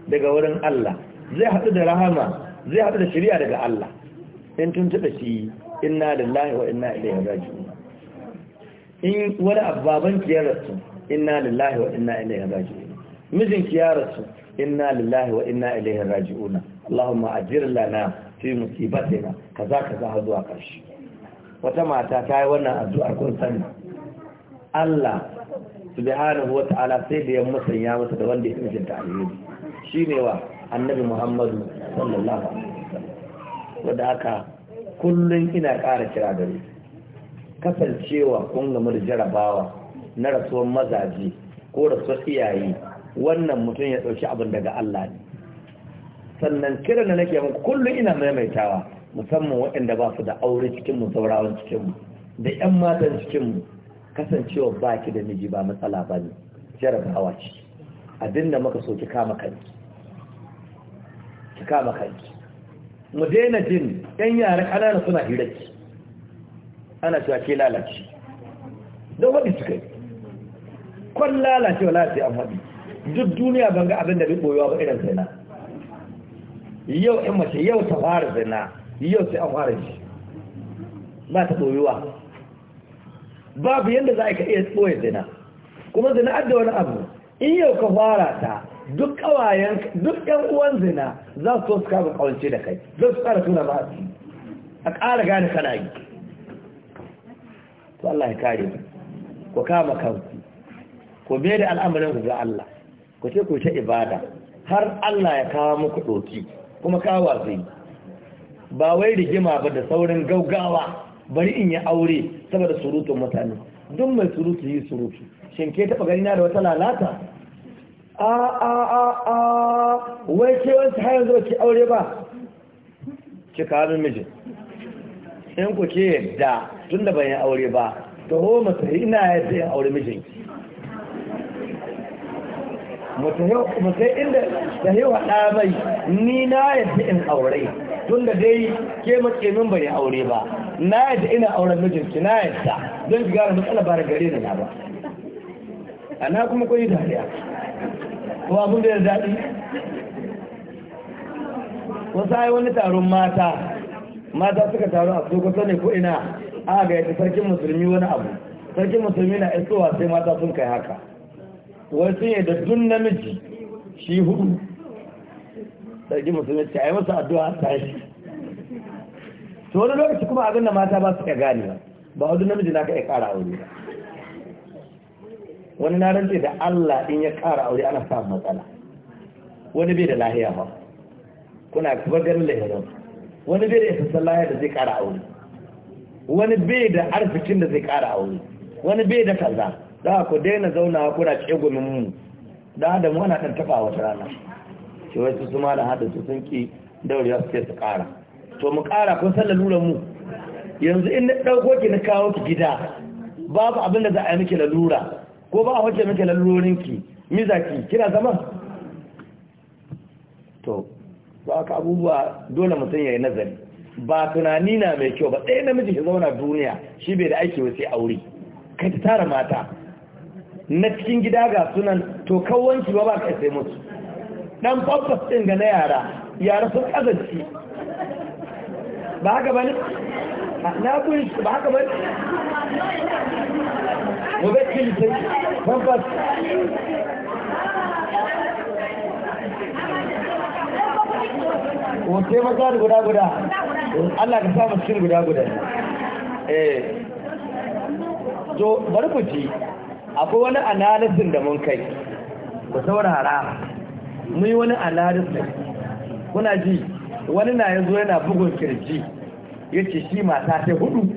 daga wurin Allah zai haɗu da rahama zai haɗu da shari'a daga Allah in tun tuntuɓe shi inna lillahi wa inna ilayhi raji'un in wani ababen ki ya rasu inna lillahi wa inna ilayhi raji'un mijin ki ya rasu inna lillahi wa inna ilaihi raji'un Allahumma ajir lana fi musibatina kaza kaza har zuwa ƙarshe wata mata ta yi wannan addu'ar kun sani Allah subhanahu wa ta'ala sai da ya musanya masa da wanda ya kace ta alheri shine wa annabi Muhammadu sallallahu alaihi wasallam wanda aka kullun ina ƙara kira gare kasancewa kun ga da jarabawa na rasuwar mazaji ko rasuwar iyaye wannan mutum ya dauki abin daga Allah ne sannan kiran da nake muku kullum ina maimaitawa musamman waɗanda ba su da aure cikin mu saurawan cikin mu da ƴan matan cikin mu kasancewa baki da miji ba matsala bane hawa ce abinda muka so ki kama kanki ki kama kanki mu daina jin ɗan yara ƙanana suna hirarki ana cewa ke lalace don waɗi su kai kwan lalace wa lalace an waɗi duk duniya ban ga abin da bai ɓoyewa ba irin na. yau in mace yau ta fara zina yau sai an fara shi ba ta tsoyuwa babu yadda za a yi ka iya tsoye zina kuma zina adda wani abu in yau ka fara ta duk ƙawayen duk ƴan uwan zina za su su kama ƙawance da kai za su ƙara tuna ba a ƙara gane kana yi to Allah ya kare ku kama kanku ku bai da al'amarin ku ga Allah ku ce ku ce ibada har Allah ya kawo muku ɗoki kuma kawa zai ba wai rigima ba da saurin gaugawa bari in yi aure saboda surutun mutane duk mai surutu yi surutu shin ke taba gani na da wata lalata a a a a wai ke wanci har yanzu ki aure ba ki kawo mijin in ku ke yadda tun da ban yi aure ba ta ho masa ina yadda yin aure mijinki mu sai inda da hewa ɗa ni na yadda in aure tun da dai ke mace min bai aure ba na yadda ina auren mijinki na yadda don shiga gara matsala ba da gare da na ba na kuma kun yi dariya ko abin da ya daɗi wasu ai wani taron mata mata suka taru a sokoto ne ko ina aka ga yadda sarkin musulmi wani abu sarkin musulmi na isowa sai mata sun kai haka wasu ya da dun namiji shi hudu sarki musulunci a yi masa addu'a ta shi to wani lokaci kuma abin da mata ba su ka gane ba wani namiji na ka ya kara aure ba wani na rantse da Allah in ya kara aure ana samun matsala wani bai da lahiya ba kuna kuma ganin lahirin wani bai da isassan lahiya da zai kara aure wani bai da arzikin da zai kara aure wani bai da kaza da ku daina zauna kuna gumin mu da da mu ana kan taba wata rana shi wai su suma da hada sun ki daurewa su su kara to mu kara kun san laluran mu yanzu in na dauko ki na kawo ki gida babu abin da za a yi miki lalura ko ba a wace miki lalurorin ki ki kina zama to ba ka abubuwa dole mutum yayi nazari ba tunani na mai kyau ba ɗaya namiji shi zauna duniya shi bai da aiki sai aure kai ta tara mata na cikin gida ga sunan to kawanci ba ba ka sai mutu dan pampers din ga na yara yara sun kazanci ba haka ba ne? na kun ba haka ba ne mu ga cikin ko wace maza da guda-guda Allah ka mu cikin guda-guda eh to bari ku ji akwai wani analisin da mun kai ku saurara mun yi wani analisin kuna ji wani na yanzu yana bugun kirji ya ce shi mata ta hudu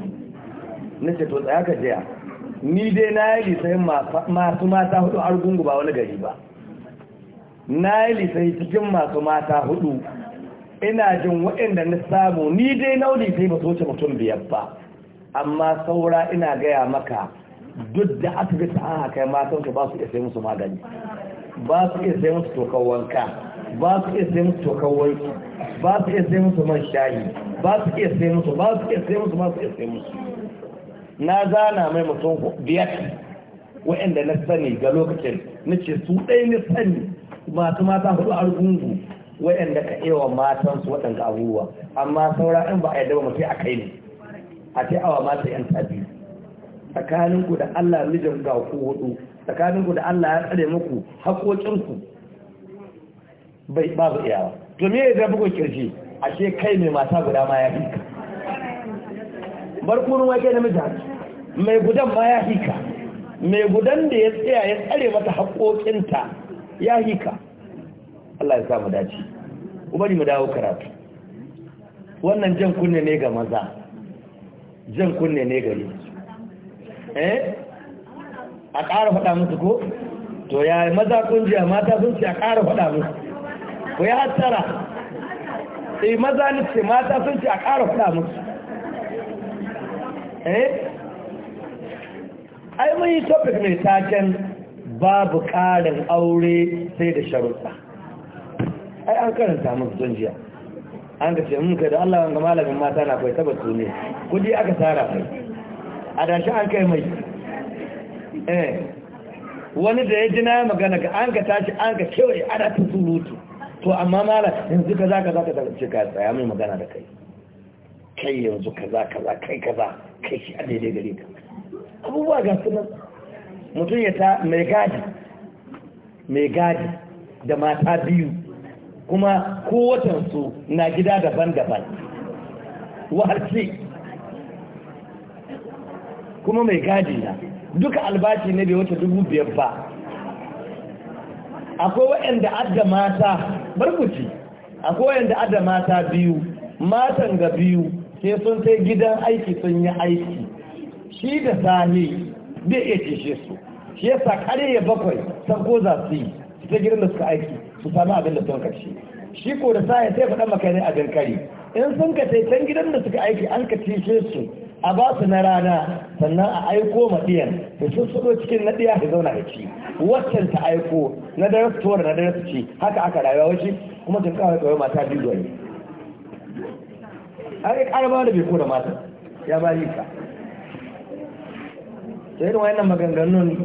na ce to tsaya ka jiya ni dai na yi lisayin masu mata hudu argungu ba wani gari ba na yi lisayi cikin masu mata hudu ina jin waɗanda na samu ni dai wuli sai ba so mutum biyar ba amma saura ina gaya maka duk da aka ga ta'an kai matan su ba su iya sai musu magani ba su iya sai musu tokan wanka ba su iya sai musu tokan wanki ba su iya sai musu man shayi ba su iya sai musu ba su iya sai musu ba su iya sai musu na zana mai mutum biyar wa'anda na sani ga lokacin na ce su ɗaya na sani masu mata hudu a rugungu wa'anda ka ewa matan su waɗanda abubuwa amma saura in ba a yadda ba mutum a kai ne a ce awa mata yan tabi tsakaninku da Allah mijin ga ku hudu tsakaninku da Allah ya tsare muku haƙoƙinku bai babu iyawa to me da bugun kirji ashe kai mai mata guda ma ya hika barkunun wake na mijin mai gudan ma ya hika mai gudan da ya tsaya ya tsare mata haƙoƙinta ya hika Allah ya mu dace ubari mu dawo karatu wannan jan kunne ne ga maza jan kunne ne ga mata eh a ƙara faɗa musu ko to ya maza jiya mata sun ce a ƙara faɗa musu ku ya hattara sai eh, maza ni ce mata sun ce a ƙara faɗa musu eh ai mun yi topic mai taken babu ƙarin aure sai da sharuɗa ai an karanta musu jiya, an ka ce mun mm, kai da Allah wanga malamin mata na kai tabbatu ne kudi aka tara kai a dashi an kai mai eh wani da ya jina magana ga an ka tashi an ka kewaye ana ta surutu to amma mala yanzu ka za ka za ka ce ka tsaya mai magana da kai kai yanzu ka za ka za kai ka za kai shi a daidai gare ka abubuwa ga sunan mutum ya ta mai gadi mai gadi da mata biyu kuma kowatansu na gida daban-daban wahalci kuma mai gadi na duka albashi ne bai wata dubu biyar ba akwai waɗanda adda mata barkuci akwai waɗanda adda mata biyu matan ga biyu sai sun sai gidan aiki sun yi aiki shi da sani bai iya cishe su shi yasa kare ya bakwai san ko za su yi su ta gidan da suka aiki su sami abin da sun karshe shi ko da sani sai faɗa maka ne abin kari in sun ka sai can gidan da suka aiki an ka cishe su a ba su na rana sannan a aiko maɗiyan da sun suɗo cikin na ɗiya zauna da ci waccan ta aiko na dare su tuwar na dare su ci haka aka rayuwa wace kuma tun kawai kawai mata biyu zuwa yi a yi ƙarama da bai ko da mata ya ba yi ka sai da wayannan maganganun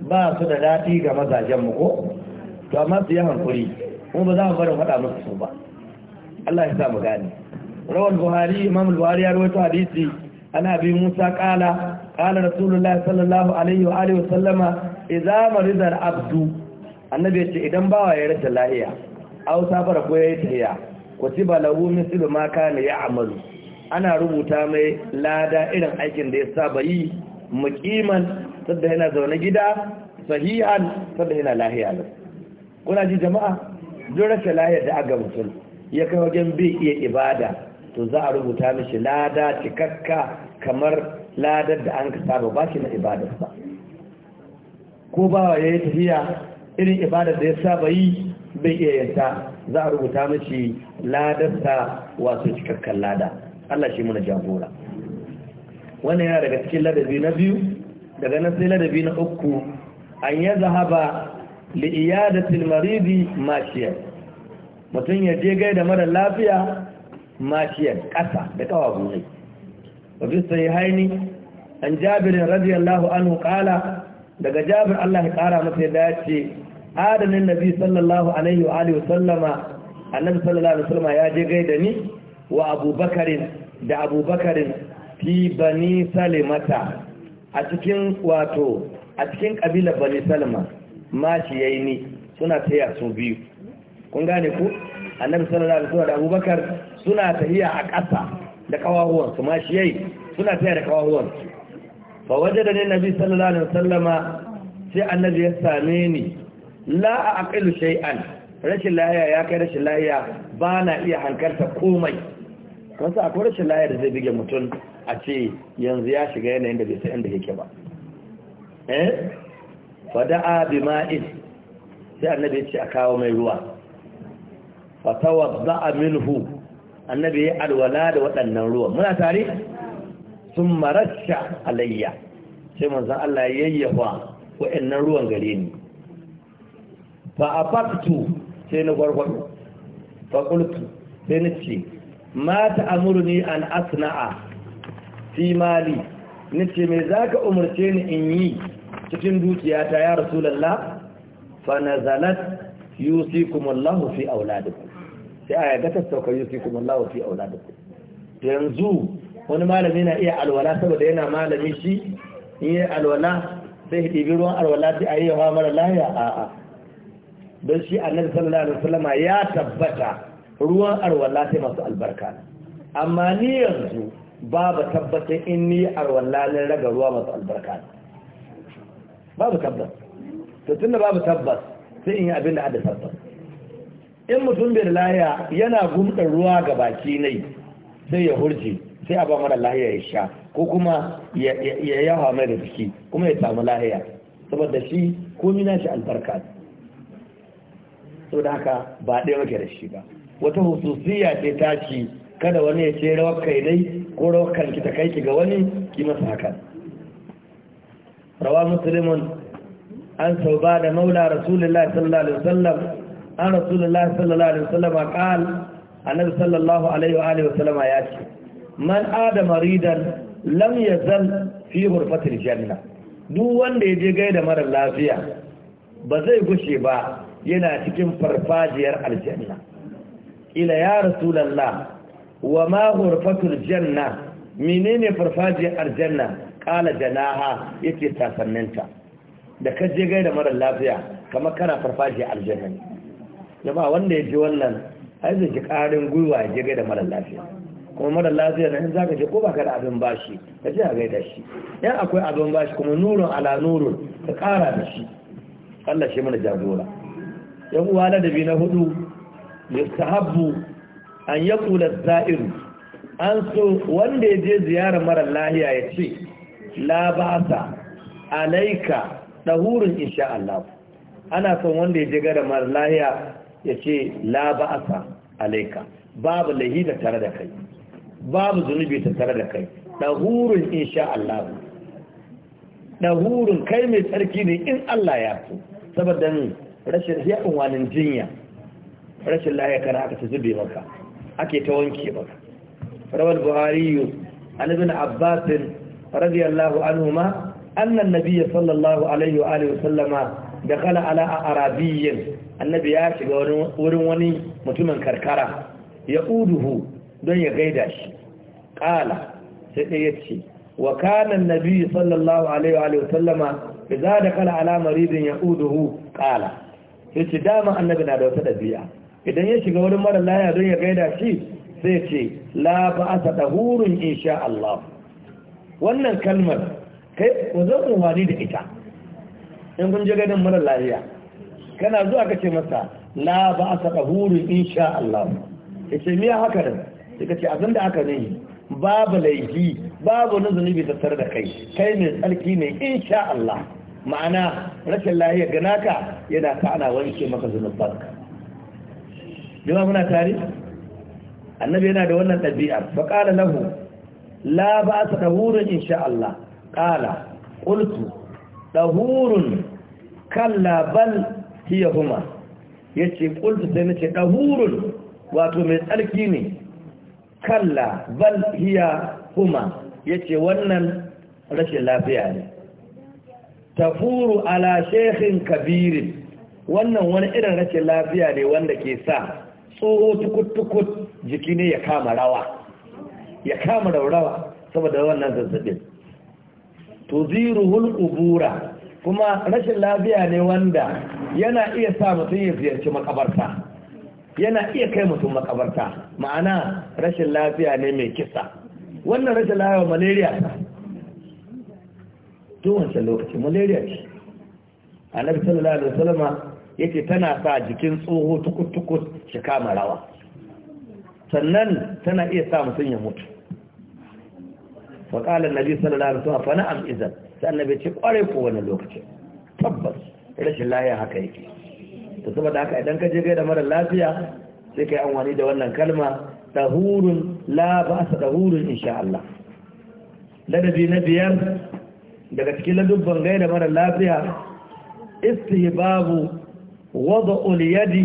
ba su da daɗi ga mazajen mu ko to amma su yi hankuri kuma ba za mu barin faɗa musu su ba Allah ya sa mu gane rawan buhari imam buhari ya rawaito hadisi ana abi musa kala kala rasulullahi sallallahu alaihi wa alihi wasallama idza marida abdu annabi yace idan bawa ya rasa lahiya aw safara ko yayi tahiya kutiba lahu mislu ma kana amalu ana rubuta mai lada irin aikin da ya saba yi muqiman sadda yana zaune gida sahihan sadda yana lahiya kuna ji jama'a duk rasa lahiya da aga mutum ya kai wajen bai iya ibada to za a rubuta mishi lada cikakka kamar ladar da an kasa ba shi na ibadar ba ko bawa ya yi tafiya irin ibadar da ya saba yi bai iya yanta za a rubuta mishi ladarsa wasu cikakkan lada Allah shi muna jagora wannan yana daga cikin ladabi na biyu daga nan sai ladabi na uku an ya zahaba li'iyadatil maridi mashiyar mutum ya je gaida mara lafiya mashiyar ƙasa da ƙawabu ne wafi sai haini an jabirin radiyallahu anhu ƙala daga jabir Allah ya ƙara masa ya dace adanin nabi sallallahu alaihi wa alihi sallama annabi sallallahu alaihi sallama ya je gaida ni wa abubakarin da abubakarin fi bani salimata a cikin wato a cikin ƙabilar bani salima mashiyai ni suna taya su biyu kun gane ku annabi sallallahu alaihi wasallam da abubakar suna tahiya a ƙasa da kawahuwansu su shi yayi suna tahiya da su fa waje da ne nabi sallallahu alaihi wasallama sai annabi ya same ni la a aqilu shay'an rashin lahiya ya kai rashin lahiya ba na iya hankarta komai wasu akwai rashin lahiya da zai bige mutum a ce yanzu ya shiga yanayin da bai san inda yake ba eh fada'a bima'in sai annabi ya ce a kawo mai ruwa za a minhu annabi ya alwala da waɗannan ruwan muna tare sun marasha alayya sai manzan Allah ya yayyafa waɗannan ruwan gare ni fa afaktu sai na gwargwado fa qultu sai na ce ma ni an asna'a fi mali mai me ka umarce ni in yi cikin dukiyata ya rasulullah fa nazalat yusikumullahu fi auladikum sai a yaga tattaukar yusi kuma Allah fi auladakum to yanzu wani malami na iya alwala saboda yana malami shi in yi alwala sai ya ɗibi ruwan alwala sai a yi yawa mara lahiya a'a don shi annabi sallallahu alaihi wasallama ya tabbata ruwan alwala sai masu albarka amma ni yanzu babu tabbatin in ni alwala ne raga ruwa masu albarka babu tabbas to tunda babu tabbas sai in yi abin da hada tabbas in mutum bai lahiya yana gumɗar ruwa ga baki nai sai ya hurje sai a ba mara lahiya ya sha ko kuma ya yawa mai da jiki kuma ya samu lahiya saboda shi komi na shi albarka saboda haka ba ɗaya muke da shi ba wata hususiyya ce ta ci kada wani ya ce rawar kai dai ko rawar kanki ta kai ki ga wani ki masa haka rawa musulmin an sau ba da maula rasulullahi sallallahu alaihi wasallam an rasulullahi sallallahu alaihi wasallam qal annabi sallallahu alaihi wa alihi wasallam ya ce man adama ridan lam yazal fi hurfatil janna duk wanda yaje gaida mara lafiya ba zai gushe ba yana cikin farfajiyar aljanna ila ya rasulullah wa ma hurfatul janna menene farfajiyar aljanna kala janaha yake tasanninta da kaje gaida mara lafiya kamar kana farfajiyar aljanna jama wanda ya ji wannan ai zai ji gwiwa ya je da mara lafiya kuma marar lafiya na yin za ka je ko ba ka da abin bashi ka ji a gaida shi yan akwai abin bashi kuma nurun ala nurun ka kara da shi Allah shi mana jagora yan uwa ladabi na hudu Habu, an kula za'iru an so wanda ya je ziyarar marar lahiya ya ce Labasa, alaika Ɗahurin, insha Allah ana son wanda ya je gada mara lahiya. ya ce la ba'asa alaika babu lahi da tare da kai babu zunubi ta tare da kai ɗahurun insha Allah ɗahurun kai mai tsarki ne in Allah ya so saboda rashin yaɗin wani jinya rashin laye kana aka ta zube maka ake ta wanke maka rawar buhariyu an ibn abbas radiyallahu anhuma anna nabiyya sallallahu alaihi wa alihi wasallama dakhala ala arabiyyin annabi ya shiga wurin wani mutumin karkara ya uduhu don ya gaida shi ƙala sai ɗaya ce wa kanan nabi sallallahu alaihi wa sallama da za da kala alamari din ya uduhu ƙala sai ce dama annabi na da wata ɗabi'a idan ya shiga wurin mara laya don ya gaida shi sai ce la ba a saɗa hurin insha Allah wannan kalmar kai ku zan umarni da ita in kun je gadon mara lafiya kana zuwa ka ce masa la ba a saka hurin insha Allah ya ce miya haka da ya ce abinda aka ne babu laifi babu na zunubi tattare da kai kai mai tsarki ne insha Allah ma'ana rashin lahiyar gana ka yana sa ana wanke maka zunubanka jima muna tare annabi yana da wannan ɗabi'ar. ba ƙala lahu la ba a sa ɗahurun insha Allah ƙala ƙultu ɗahurun kalla bal hiya huma yace qultu sai nace dahurun wato mai tsarki ne kalla bal hiya huma yace wannan rashin lafiya ne tafuru ala shekhin kabirin wannan wani irin rashin lafiya ne wanda ke sa tsoho tukut-tukut jiki ne ya kama rawa ya kama raurawa saboda wannan zazzabin to ziruhul kuma rashin lafiya ne wanda yana iya sa mutum ya ziyarci makabarta yana iya kai mutum makabarta ma'ana rashin lafiya ne mai kisa wannan rashin lafiya malaria ta wancan lokaci malaria ce annabi sallallahu alaihi wasallam yake tana sa jikin tsoho tukutukut shi kama rawa sannan tana iya sa mutum ya mutu faƙalar qala sallallahu alaihi wasallam fa na'am idan sai annabi ce kware ko wani lokaci tabbas rashin lafiya haka yake to saboda haka idan ka je gaida mara lafiya sai ka yi amfani da wannan kalma tahurun la ba'sa tahurun insha Allah ladabi na biyar daga cikin ladubban gaida mara lafiya istihbabu wada'u al-yadi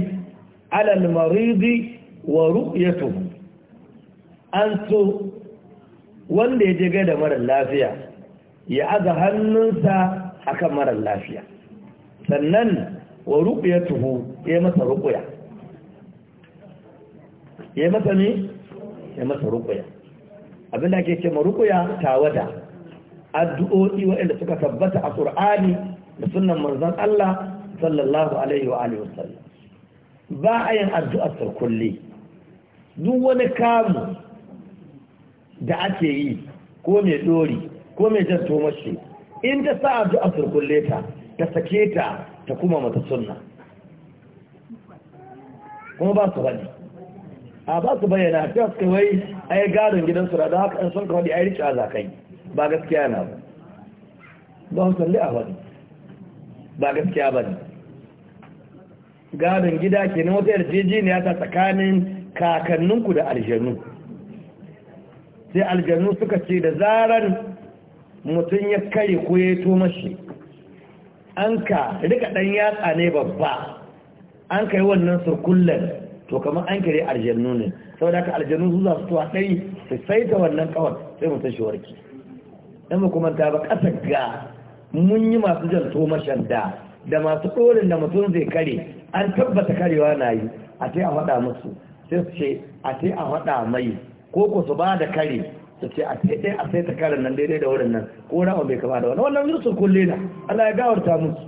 ala al-maridi wa ru'yatuhu an so wanda ya je gaida mara lafiya ya aza hannunsa akan marar lafiya sannan wa tuhu ya masa ruqya ya masa ne ya masa ruqya abinda ake ce ma ruqya tawada addu'o'i waɗanda suka tabbata a Al-ƙur'ani da sunan Marzan Allah sallallahu alaihi wa Alaihi wasallam ba a yin addu'ar sarkulli duk wani kamu da ake yi ko mai dori ko mai jan tomashi in ta sa a du'a surkulle ta ta sake ta ta kuma mata sunna kuma ba su bane a ba su bayyana a cikin suka wai yi gadon gidan su da haka an sun kawai yi rica zakai ba gaskiya na ba ba su salli a wani ba gaskiya ba ne gadon gida ke na wata yarjejeniya ta tsakanin kakanninku da aljanu sai aljanu suka ce da zaran mutum ya kare ko ya to mashi an ka rika ɗan yatsa ne babba an ka yi wannan surkullan to kamar an kare aljannu ne saboda haka aljannu su za su tuwa ɗai su ta wannan kawar sai mu tashi warki ɗan mu ba ƙasa ga mun yi masu jan to mashan da da masu ɗorin da mutum zai kare an tabbata karewa na yi a sai a faɗa musu sai su ce a sai a faɗa mai ko ku su ba da kare ta ce a sai dai a sai ta karin nan daidai da wurin nan ko rama bai kama da wani wannan zursu kulle na Allah ya gawarta musu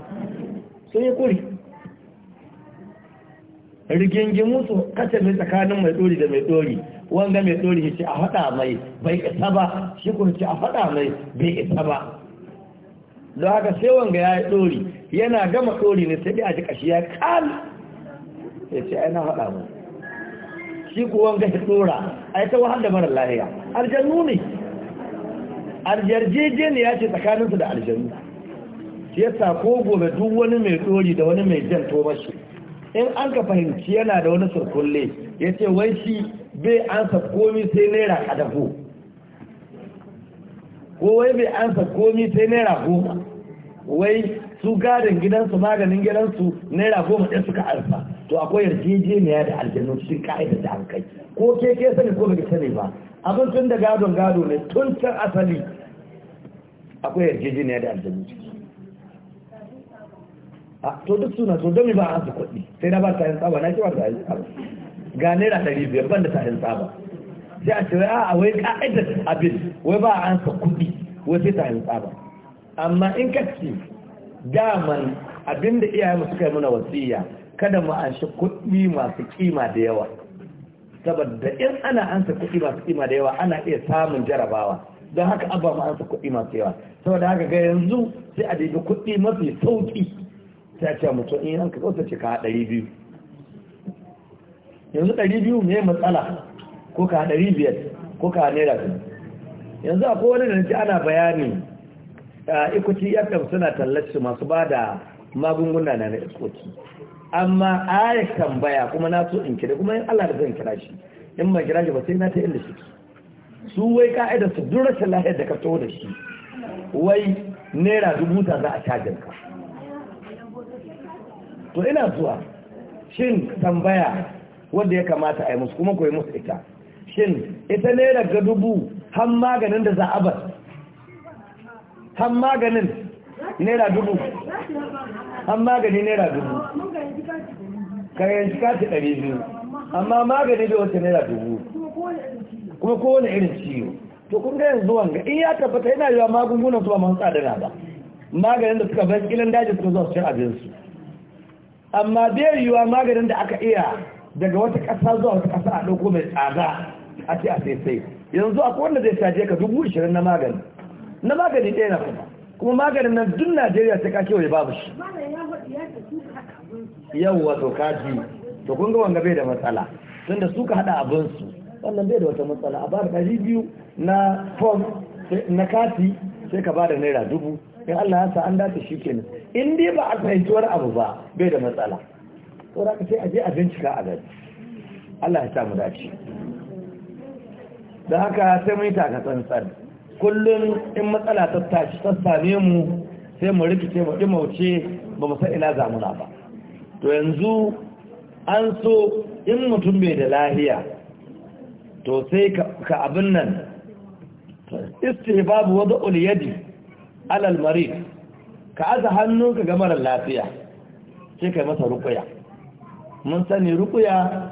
sun yi kuri rigingimu su mai tsakanin mai ɗori da mai ɗori wanda mai ɗori ya ce a faɗa mai bai isa ba shi kuma ce a faɗa mai bai isa ba don haka sai wanga ya yi ɗori yana gama ɗori ne sai dai a ji kashi ya kal ya ce ai na faɗa mai shi kuwan ga tsora yi ta wahal da mara lahiya aljannu ne aljarjeje ne ya ce tsakaninsu da aljannu shi sa ko gobe duk wani mai tsori da wani mai jan mashi in an ka fahimci yana da wani surkulle ya ce wai shi bai ansa komi sai naira a dafo ko wai bai ansa komi sai naira goma wai su gadin gidansu maganin gidansu naira goma ɗin suka alfa to akwai yarjejeniya da aljanu cikin ka'ida da an kai ko ke ke sani ko bai sani ba abin tun da gadon gado ne tun can asali akwai yarjejeniya da aljanu a to duk suna to don ba a su kuɗi sai na ba yin tsaba na ta da tsaba ga naira ɗari biyar ban da yin tsaba sai a ce a wai ka'idar abin wai ba an sa kuɗi wai sai yin tsaba amma in ka ce daman abinda iyayen suka yi mana wasiya kada mu anshi kuɗi masu kima da yawa saboda in ana ansa kuɗi masu kima da yawa ana iya samun jarabawa don haka abba mu ansa kuɗi masu yawa saboda haka ga yanzu sai a daidai kuɗi mafi sauƙi ta ce mutum in an ka ce ka ɗari biyu yanzu ɗari biyu ne matsala ko ka ɗari biyar ko ka naira biyu yanzu akwai wani da ji ana bayani a ikuti yakam suna tallace masu ba da magunguna na na iskoki amma ayar tambaya kuma na so in kira kuma in Allah da zan kira shi in ba kira shi ba sai na ta inda shi su wai ka'idar su duk rashin lahiyar da ka to da shi wai naira dubu ta za a cajin ka to ina zuwa shin tambaya wanda ya kamata a yi musu kuma koyi musu ita shin ita naira ga dubu han maganin da za a bar han maganin naira dubu han maganin naira dubu kayan shi ɗari biyu amma magani bai wata naira dubu kuma kowane irin ciwo to kun ga yanzu wanga in ya tabbata yana yiwa magungunan su ba masu tsadana ba maganin da suka bai kilan daji suka zuwa su cin abinsu amma bai yiwa maganin da aka iya daga wata ƙasa zuwa wata ƙasa a ɗauko mai tsada a ce a sai sai yanzu akwai wanda zai caje ka dubu ishirin na magani na magani ɗaya na kuma kuma maganin nan duk najeriya ta ka ya babu shi Yau wato kaji to kun ga wanga bai da matsala tunda su ka hada abin su wannan bai da wata matsala a bada kaji biyu na form na kati sai ka bada naira dubu in Allah ya sa an dace shi kenan in dai ba a fahimtuwar abu ba bai da matsala to da ka sai a je a bincika a gari, Allah ya sa mu dace da haka sai mun yi taka tsantsan kullum in matsala ta tashi ta mu sai mu rikice mu dimauce ba mu san ina zamuna ba to yanzu an so in mutum bai da lahiya to sai ka abin nan babu wadda uliyadi alal marid ka aza hannunka ga marar lafiya sai kai masa rukuya mun sani rukuya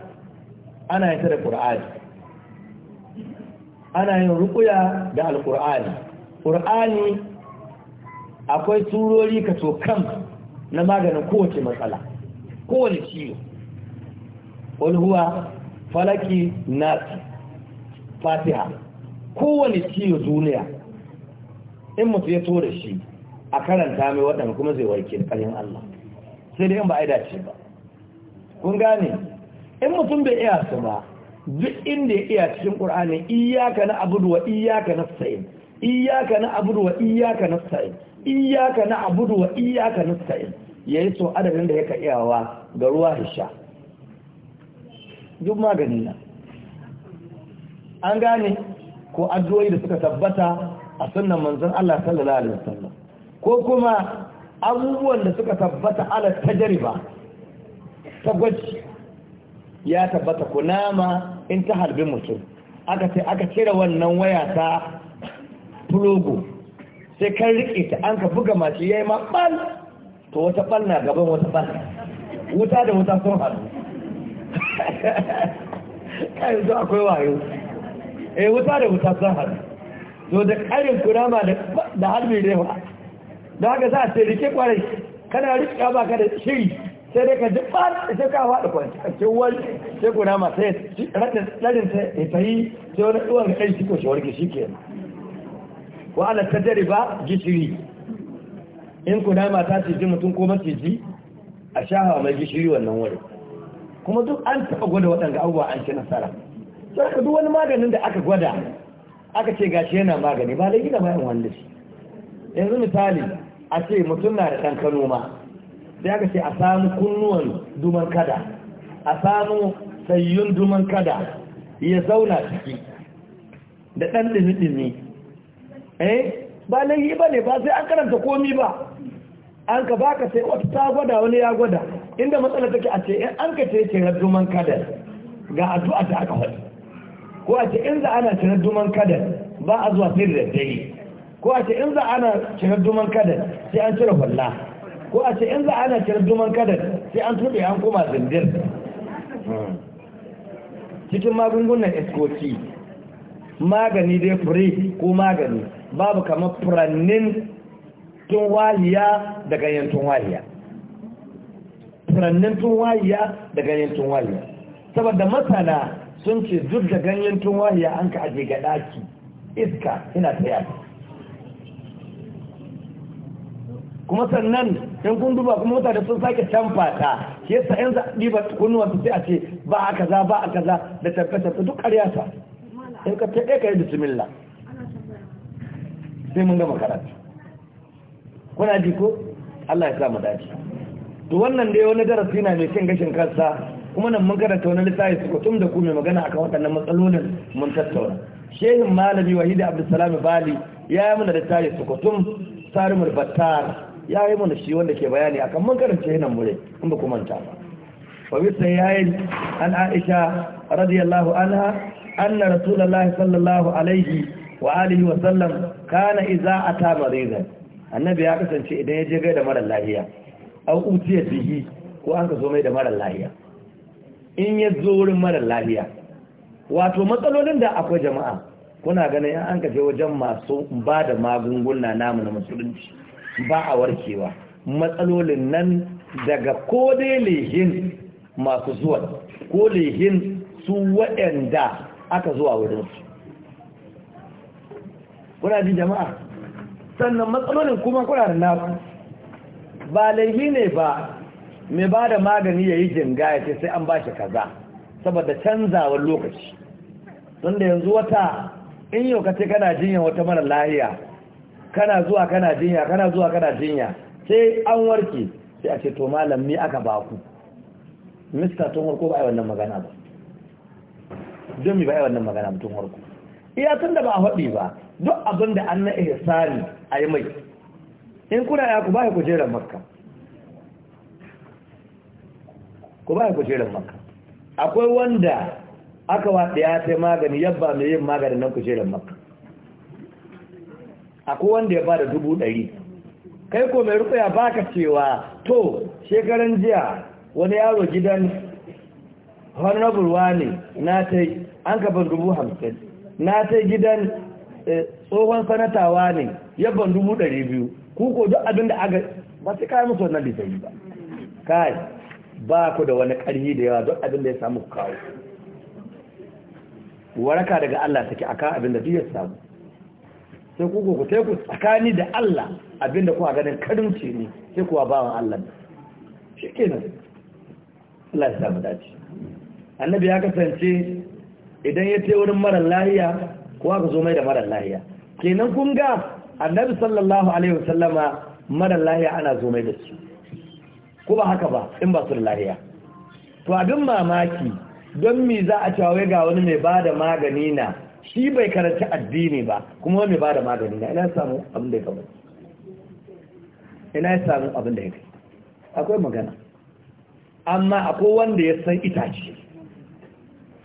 ana yin ta da ƙur'ani ana yin rukuya da alƙur'ani ƙur'ani akwai turori ka kan na maganin kowace matsala kowane ciwo wani huwa falaki na fatiha kowane ciwo duniya in mutu ya tura shi a karanta mai waɗanda kuma zai warke da ƙarin Allah sai dai in ba a yi dace ba kun gane in mutum bai iya su ba duk inda ya iya cikin ƙur'ani iyaka na abudu wa iyaka na sa'in iyaka na abudu wa iyaka na sa'in iyaka na abudu wa iyaka na sa'in ya yi so adadin da yaka iyawa ga ruwa sha duk magani na an gane ko addu'o'i da suka tabbata a sunnan manzon Allah sallallahu alaihi wasallam ko kuma abubuwan da suka tabbata ala jariba ta gwaji ya tabbata kunama in ta harbi mutum aka ce aka cire wannan waya ta fulogo sai kan rike ta an ka buga mace ya yi bal to wata ɓanna gaban wata ɓanna wuta da wuta sun haɗu kai su akwai wayo eh wuta da wuta sun haɗu to da ƙarin kunama da harbi ne da haka za a ce rike kwarai kana rikka ba ka da shiri sai dai ka ji da sai kawo da kwanci a cikin wani sai kunama sai raɗin tsarin sai ta yi sai wani ɗuwan ɗan shi ko shi warke shi ke wa'ala ta jari ba gishiri in ku dama ta ciji mutum ko mace ji? a shahawa mai gishiri wannan wuri kuma duk an taɓa gwada waɗanda abubuwa an ci nasara sai ka duk wani maganin da aka gwada aka ce gashi yana magani ba lai gina bayan wanda shi yanzu misali a ce mutum na da ɗan kano ma sai aka ce a samu kunnuwan duman kada a samu sayyun duman kada ya zauna ciki da ɗan ɗimi-ɗimi eh ba laifi ba ne ba sai an karanta komi ba an ka baka sai wata ta gwada wani ya gwada inda matsala take a ce in an ka ce na duman kadar ga addu'a ta aka faɗi ko a ce in za ana na duman kadar ba a zuwa sai da dare ko a ce in za ana na duman kadar sai an cire hulla ko a ce in za ana na duman kadar sai an tuɗe an koma zindir cikin magungunan escoci magani dai fure ko magani babu kamar furannin waliya da ganyen waliya, furannin waliya da ganyen waliya saboda masana sun ce duk da ganyen waliya an ka aje ga daki iska ina ta yaki kuma sannan yan kundu ba kuma mutane sun sake canfa ta shi yasa yan zaɓi ba kunuwa su sai a ce ba a kaza ba a kaza da tabbatar tabbata duk ƙarya ta in ka taɗe ka yi bismillah sai mun gama karatu kuna ji ko Allah ya sa mu dace to wannan dai wani darasi na mai cin gashin kansa kuma nan mun karanta wani lissafi su kutum da ku mai magana akan waɗannan matsalolin mun tattauna shehin malami wahidi abdulsalam bali ya yi mana lissafi su kutum sarimul battar ya yi mana shi wanda ke bayani akan mun karanta nan mure in ba ku manta ba wa bisa yayin an aisha radiyallahu anha anna rasulullahi sallallahu alaihi wa alihi wa sallam kana idza ata maridan annabi ya kasance idan ya je ga da mara lafiya au utiya bihi ko an ka zo mai da mara lafiya in ya zo wurin mara lafiya wato matsalolin da akwai jama'a kuna ganin an ka je wajen masu ba da magunguna namu na musulunci ba a warkewa matsalolin nan daga ko dai lehin masu zuwa ko lehin su waɗanda aka zuwa wurinsu kuna ji jama'a sannan matsalolin kuma kuna da nasu ba laifi ne ba mai ba da magani ya yi jinga ya ce sai an ba shi kaza saboda canzawar lokaci don da yanzu wata in yau ka ce kana jinya wata mara lahiya kana zuwa kana jinya kana zuwa kana jinya sai an warke sai a ce to malam ni aka baku mista tun warko ba a yi wannan magana ba don mi ba a yi wannan magana tun warko iya tun da ba a haɗi ba duk abin da an na ihsani a yi mai in kuna ya ku ba ya kujerar makka ku ba ya kujerar makka akwai wanda aka waɗe ya sai magani yabba mai yin maganin nan kujerar makka akwai wanda ya ba da dubu ɗari kai ko mai rukuya ba ka cewa to shekaran jiya wani yaro gidan honorable wani na ta yi an kafin dubu hamsin na ta gidan Eh, tsohon sanatawa ne yabban dubu ɗari biyu ku ko duk abin da aga ba su kayan musu wannan lissafi ba kai ba ku da wani ƙarfi da yawa duk abin da ya samu kawo waraka daga Allah take aka abin da duk ya samu sai ku ku taiku ku tsakani da Allah abin da kuka ganin karimci ne sai kuwa bawan Allah shi kenan Allah ya samu dace annabi ya kasance idan ya ce wurin mara lahiya kowa ka zo mai da marar lahiya kenan kun ga annabi sallallahu alaihi wasallama marar lahiya ana zo mai da su ko ba haka ba in ba su da lahiya to abin mamaki don me za a cawe ga wani mai ba da magani na shi bai karanci addini ba kuma wani mai ba da magani na ina samu abin da ya gaba ina samu abin da ya kai akwai magana amma akwai wanda ya san itace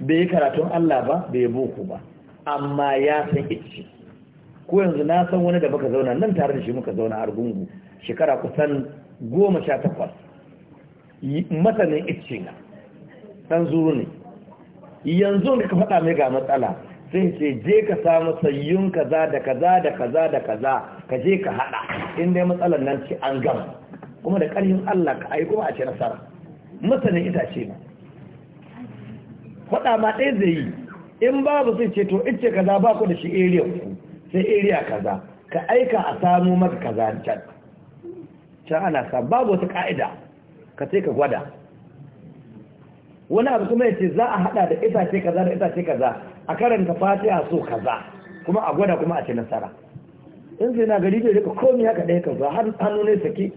bai yi karatun Allah ba bai yi boko ba amma ya san ici ko yanzu na san wani da baka zauna nan tare da shi muka zauna a argungu shekara kusan goma sha takwas masanin ici na san zuru ne yanzu da ka faɗa mai ga matsala sai ce je ka samu sayyun kaza da kaza da kaza da kaza ka je ka haɗa inda ya matsalar nan ce an gama kuma da ƙarfin Allah ka ayi kuma a ce nasara masanin itace ne faɗa ma ɗaya zai yi in babu sai ce to ice kaza ba ku da shi area ku sai area kaza ka aika a samu maka kaza can can ana sa babu wata ka'ida ka sai ka gwada wani abu kuma yace za a hada da itace kaza da itace kaza a karanta fatiha so kaza kuma a gwada kuma a ci nasara in sai na gari zai ka komi haka ɗaya ka zuwa hannu ne sake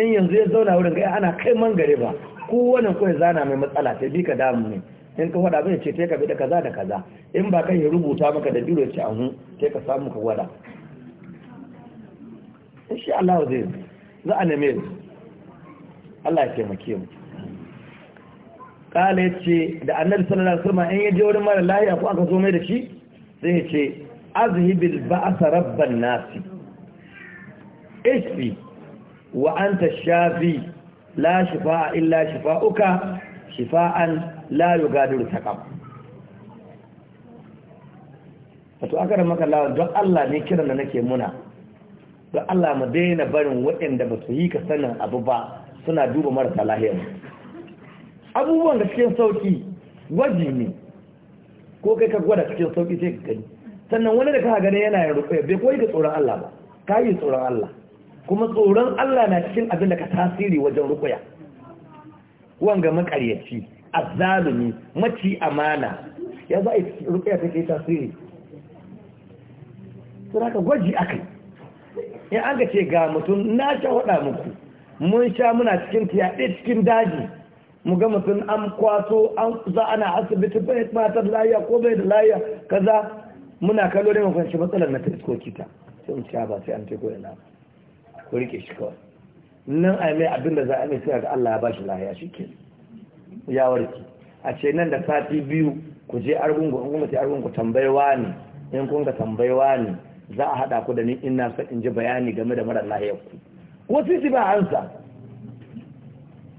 in yanzu ya zauna wurin ga eh, ana kai man gare ba kowane kawai zana mai matsala Sai bi ka damu ne in ka wada mai ce ta ka bi da kaza da kaza in ba kai rubuta maka da biro ce ahu sai ka samu ka In shi Allah zai za a neme Allah ya taimake mu kala ce da annabi sallallahu alaihi wasallam in ya je wurin mara lahiya ko aka zo mai da shi sai ya ce azhibil ba'sa rabban nasi ishfi wa anta shafi la shifaa illa shifauka shifaan la yugadiru saqam to aka maka lawa don Allah ne kiran da nake muna don Allah mu daina barin waɗanda ba su yi ka sanin abu ba suna duba marasa lahiyar abubuwan da cikin sauki waji ne ko kai ka gwada cikin sauki sai ka gani sannan wani da ka gani yana yin rufe bai koyi da tsoron Allah ba ka yi tsoron Allah kuma tsoron Allah na cikin abin da ka tasiri wajen rukuya wanga makaryaci azalumi maci amana ya za a rukiya take tasiri to ka gwaji akai in an ka ce ga mutum na sha hada muku mun sha muna cikin tiyaɗe cikin daji mu ga mutum an kwaso an za ana asibiti bai matar layya ko bai da layya kaza muna kallo da mafanci matsalar na tarisko kita sai mu sha ba sai an teko ina ku rike shi kawai nan a yi mai abin da za a mai sai ga Allah ya shi lahiya shi kenan ya warke a ce nan da sati biyu ku je argungu in kuma ce argungu tambayewa ne in kun ga tambayewa ne za a haɗa ku da ni ina son in ji bayani game da mara lahiyar ku ko titi ba ansa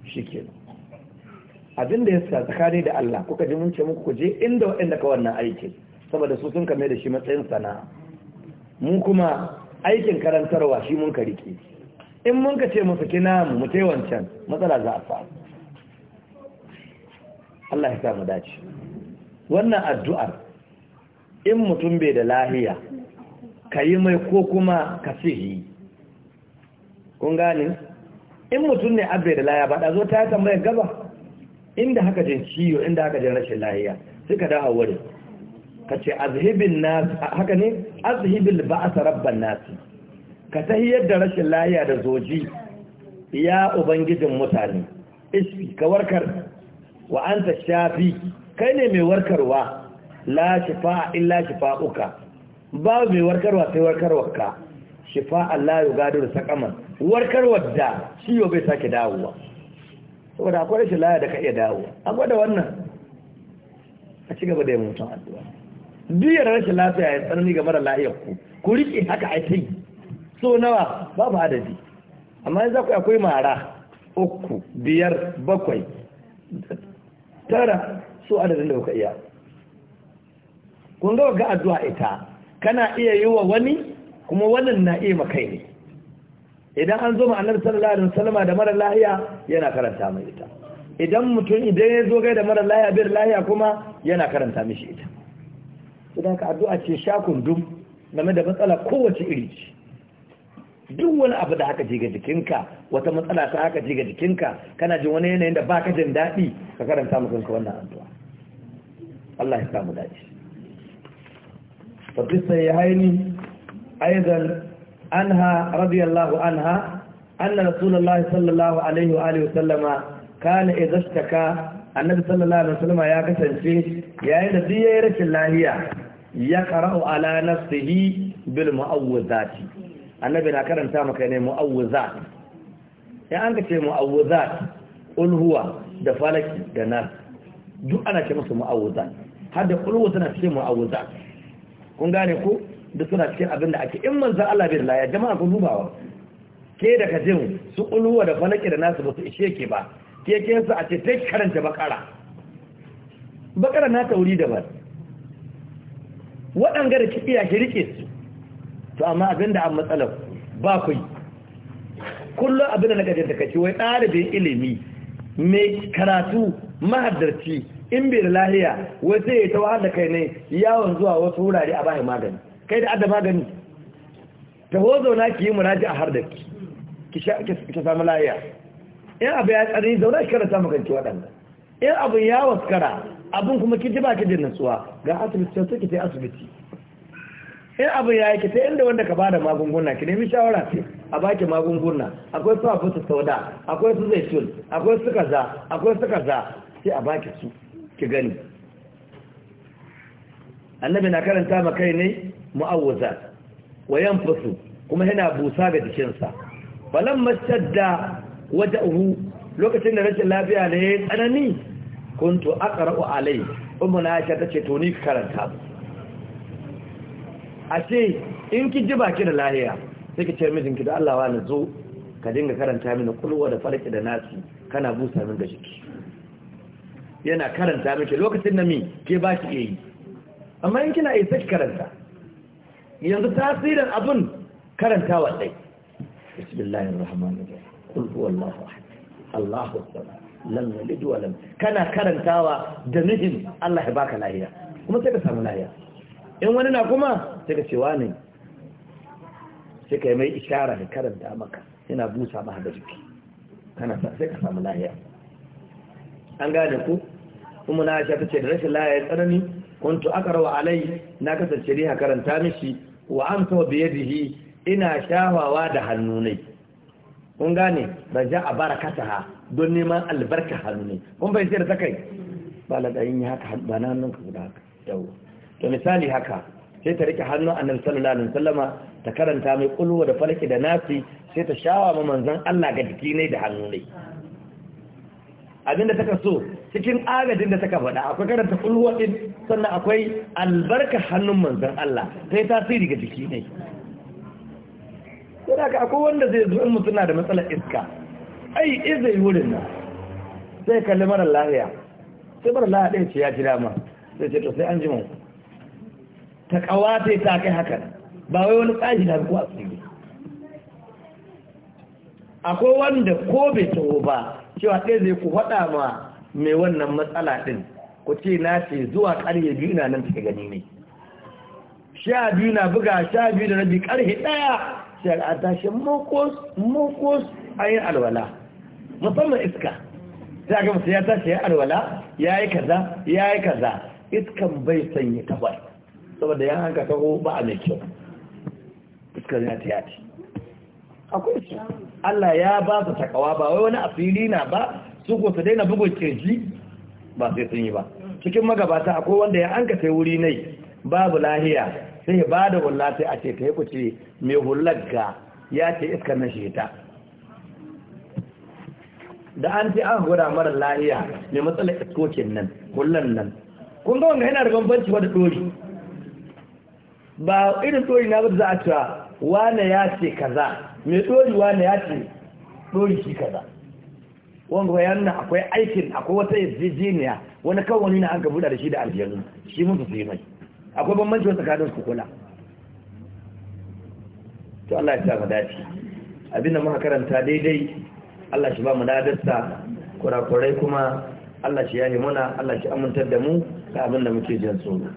shikenan abin da ya sa tsakani da Allah kuka ji mun ce muku ku je inda waɗanda ka wannan aikin saboda su sun kame da shi matsayin sana'a mu kuma aikin karantarwa shi mun ka rike in mun ka ce musu kina mu mutai wancan matsala za a samu Allah ya samu dace wannan addu'ar in mutum bai da lahiya ka yi mai ko kuma ka sihi yi kun gane in mutum ne abai da lahiya ba da zo ta yi tambayar gaba inda haka jin ciwo inda haka jin rashin lahiya sai ka dawo wuri ka ce azhibin nas haka ne azhibil ba'as rabban nas ka tahiyar da rashin lahiya da zoji ya ubangijin mutane iski ka warkar wa anta shafi kai ne mai warkarwa la shifa illa uka? ba mai warkarwa sai ka shifa Allah ya gado da sakaman warkarwar da ciwo bai sake dawowa saboda akwai rashin laya da ka iya dawo a gwada wannan a ci gaba da yin mutum addu'a biyar rashin lafiya ya tsanani ga mara lafiyar ku ku riƙe haka a kai so nawa babu adadi amma yanzu akwai mara uku biyar bakwai tara su adadin da kuka iya kun ga ga addu'a ita kana iya yi wa wani kuma wannan na iya makai ne idan an zo ma sallallahu alaihi wasallama da mara lahiya yana karanta mai ita idan mutum idan ya zo gai da mara lahiya bai lahiya kuma yana karanta mishi ita saboda ka addu'a ce sha kundum game da matsala kowace iri ce duk wani abu da haka ji ga jikinka wata matsala ta haka ji ga jikinka kana jin wani yanayin da baka jin daɗi ka karanta mu kanka wannan addu'a Allah ya samu dace fadis sai haini aidan anha radiyallahu anha anna rasulullahi sallallahu alaihi wa alihi sallama kana idza annabi sallallahu alaihi wasallama ya kasance yayin da duk yayin rashin lafiya ya qara'u ala nafsihi bil mu'awwizati annabi na karanta maka ne mu'awwaza. ya an kace mu'awwaza. ul huwa da falaki da nar duk ana ce musu mu'awwaza. har da ulwa tana cikin mu'awwaza. kun gane ko duk suna cikin abin da ake in manzo Allah bai laya jama'a kun dubawa ke da kajin su huwa da falaki da nasu ba su ishe ke ba ke ke su a ce take karanta bakara bakara na tauri da ba waɗanga da kibiya ki rike su to amma abin da an matsalar ba ku yi kullum abin da na gajen takaici wai ɗalibin ilimi mai karatu mahadarci in bai da lahiya wai sai ya yi ta wahar da kai ne yawon zuwa wasu wurare a bayan magani kai da adda magani ta hozo na ki yi muraji a har da ki ki samu lahiya in abu ya tsari zauna shi karanta maganci waɗanda in abu ya waskara abin kuma ki ji ba ki jin natsuwa ga asibiti sai ki ta asibiti in abu ya yi ta inda wanda ka ba da magunguna ki nemi shawara ce a baki magunguna akwai su abu su sauda akwai su zai sun. akwai su kaza akwai su kaza sai a baki su ki gani annabi na karanta ma kai ne mu'awwaza wa yanfusu kuma yana busa ga jikinsa falan waje wajahu lokacin da rashin lafiya ne tsanani kuntu aqra'u alai ummu na ta ce to ni karanta mu a ce in ki ji baki da lahiya sai ki ce mijinki da Allah wani zo ka dinga karanta mini kulwa da farki da nasi kana busa min ga jiki yana karanta miki lokacin na mi ke ba ki yi amma in kina isa ki karanta yanzu tasirin abun karantawa dai bismillahir rahmanir rahim kul huwallahu ahad Allahu samad lam yalid wa lam kana karantawa da nihin Allah ya baka lahiya kuma sai ka samu lahiya in wani na kuma sai ce wa sai ka yi mai ishara da karanta maka yana busa maka da jiki kana sai ka samu lahiya an gane ku kuma na aisha tace da rashin lahiya tsanani kuntu aqrawa alai na kasance riha karanta mishi wa amsa bi yadihi ina shawawa da hannunai kun gane raja a ha don neman albarka hannunai kun bai sai da takai ba la da yin haka ba nan nan ka guda haka yau to misali haka sai ta rike hannu annabi sallallahu alaihi wasallama ta karanta mai kulwa da falaki da nasi sai ta shawa ma manzon Allah ga jiki ne da hannu ne abinda taka so cikin agadin da taka faɗa akwai karanta kulwa din sannan akwai albarka hannun manzon Allah sai tasiri ga jiki ne sai ka akwai wanda zai zo in suna da matsalar iska ai izai wurin nan sai kalli mara lahiya sai mara lahiya ce ya jira ma sai ce to sai an ji mu ta kawata ta kai hakan ba wai wani tsaji na su asiri akwai wanda ko bai taho ba cewa ɗaya zai ku faɗa ma mai wannan matsala ɗin ku ce na ce zuwa ƙarye biyu na nan take gani ne sha biyu na buga sha biyu da rabi ƙarhe ɗaya sai a tashi mokos mokos an yi alwala musamman iska sai ga mutum ya tashi ya alwala ya yi kaza ya yi kaza iskan bai sanya tabar saboda yan hanka taho ba a mai kyau fuskar yana ta yati akwai su Allah ya ba su takawa ba wai wani asiri na ba su ko su daina bugun kirji ba sai sun yi ba cikin magabata akwai wanda ya hanka sai wuri nai babu lahiya sai ba da hula sai a ce ta yi kuce mai hular ga ya ce iskar na sheta da an ce an gura mara lahiya mai matsalar iskokin nan hular nan kun ga wanga yana da bambanci wadda ɗori ba irin tori na ba za a cewa wane ya ce kaza mai tori wane ya ce tori shi kaza wanda bayan nan akwai aikin akwai wata yarjejeniya wani kan wani na an gabu da shi da aljihun shi mun su yi mai akwai bambanci wata tsakanin su kula to Allah ya sa dace abin abinda muka karanta daidai Allah shi ba mu dadarsa kurakurai kuma Allah shi yahi muna Allah shi amintar da mu ta abinda muke jin tsoro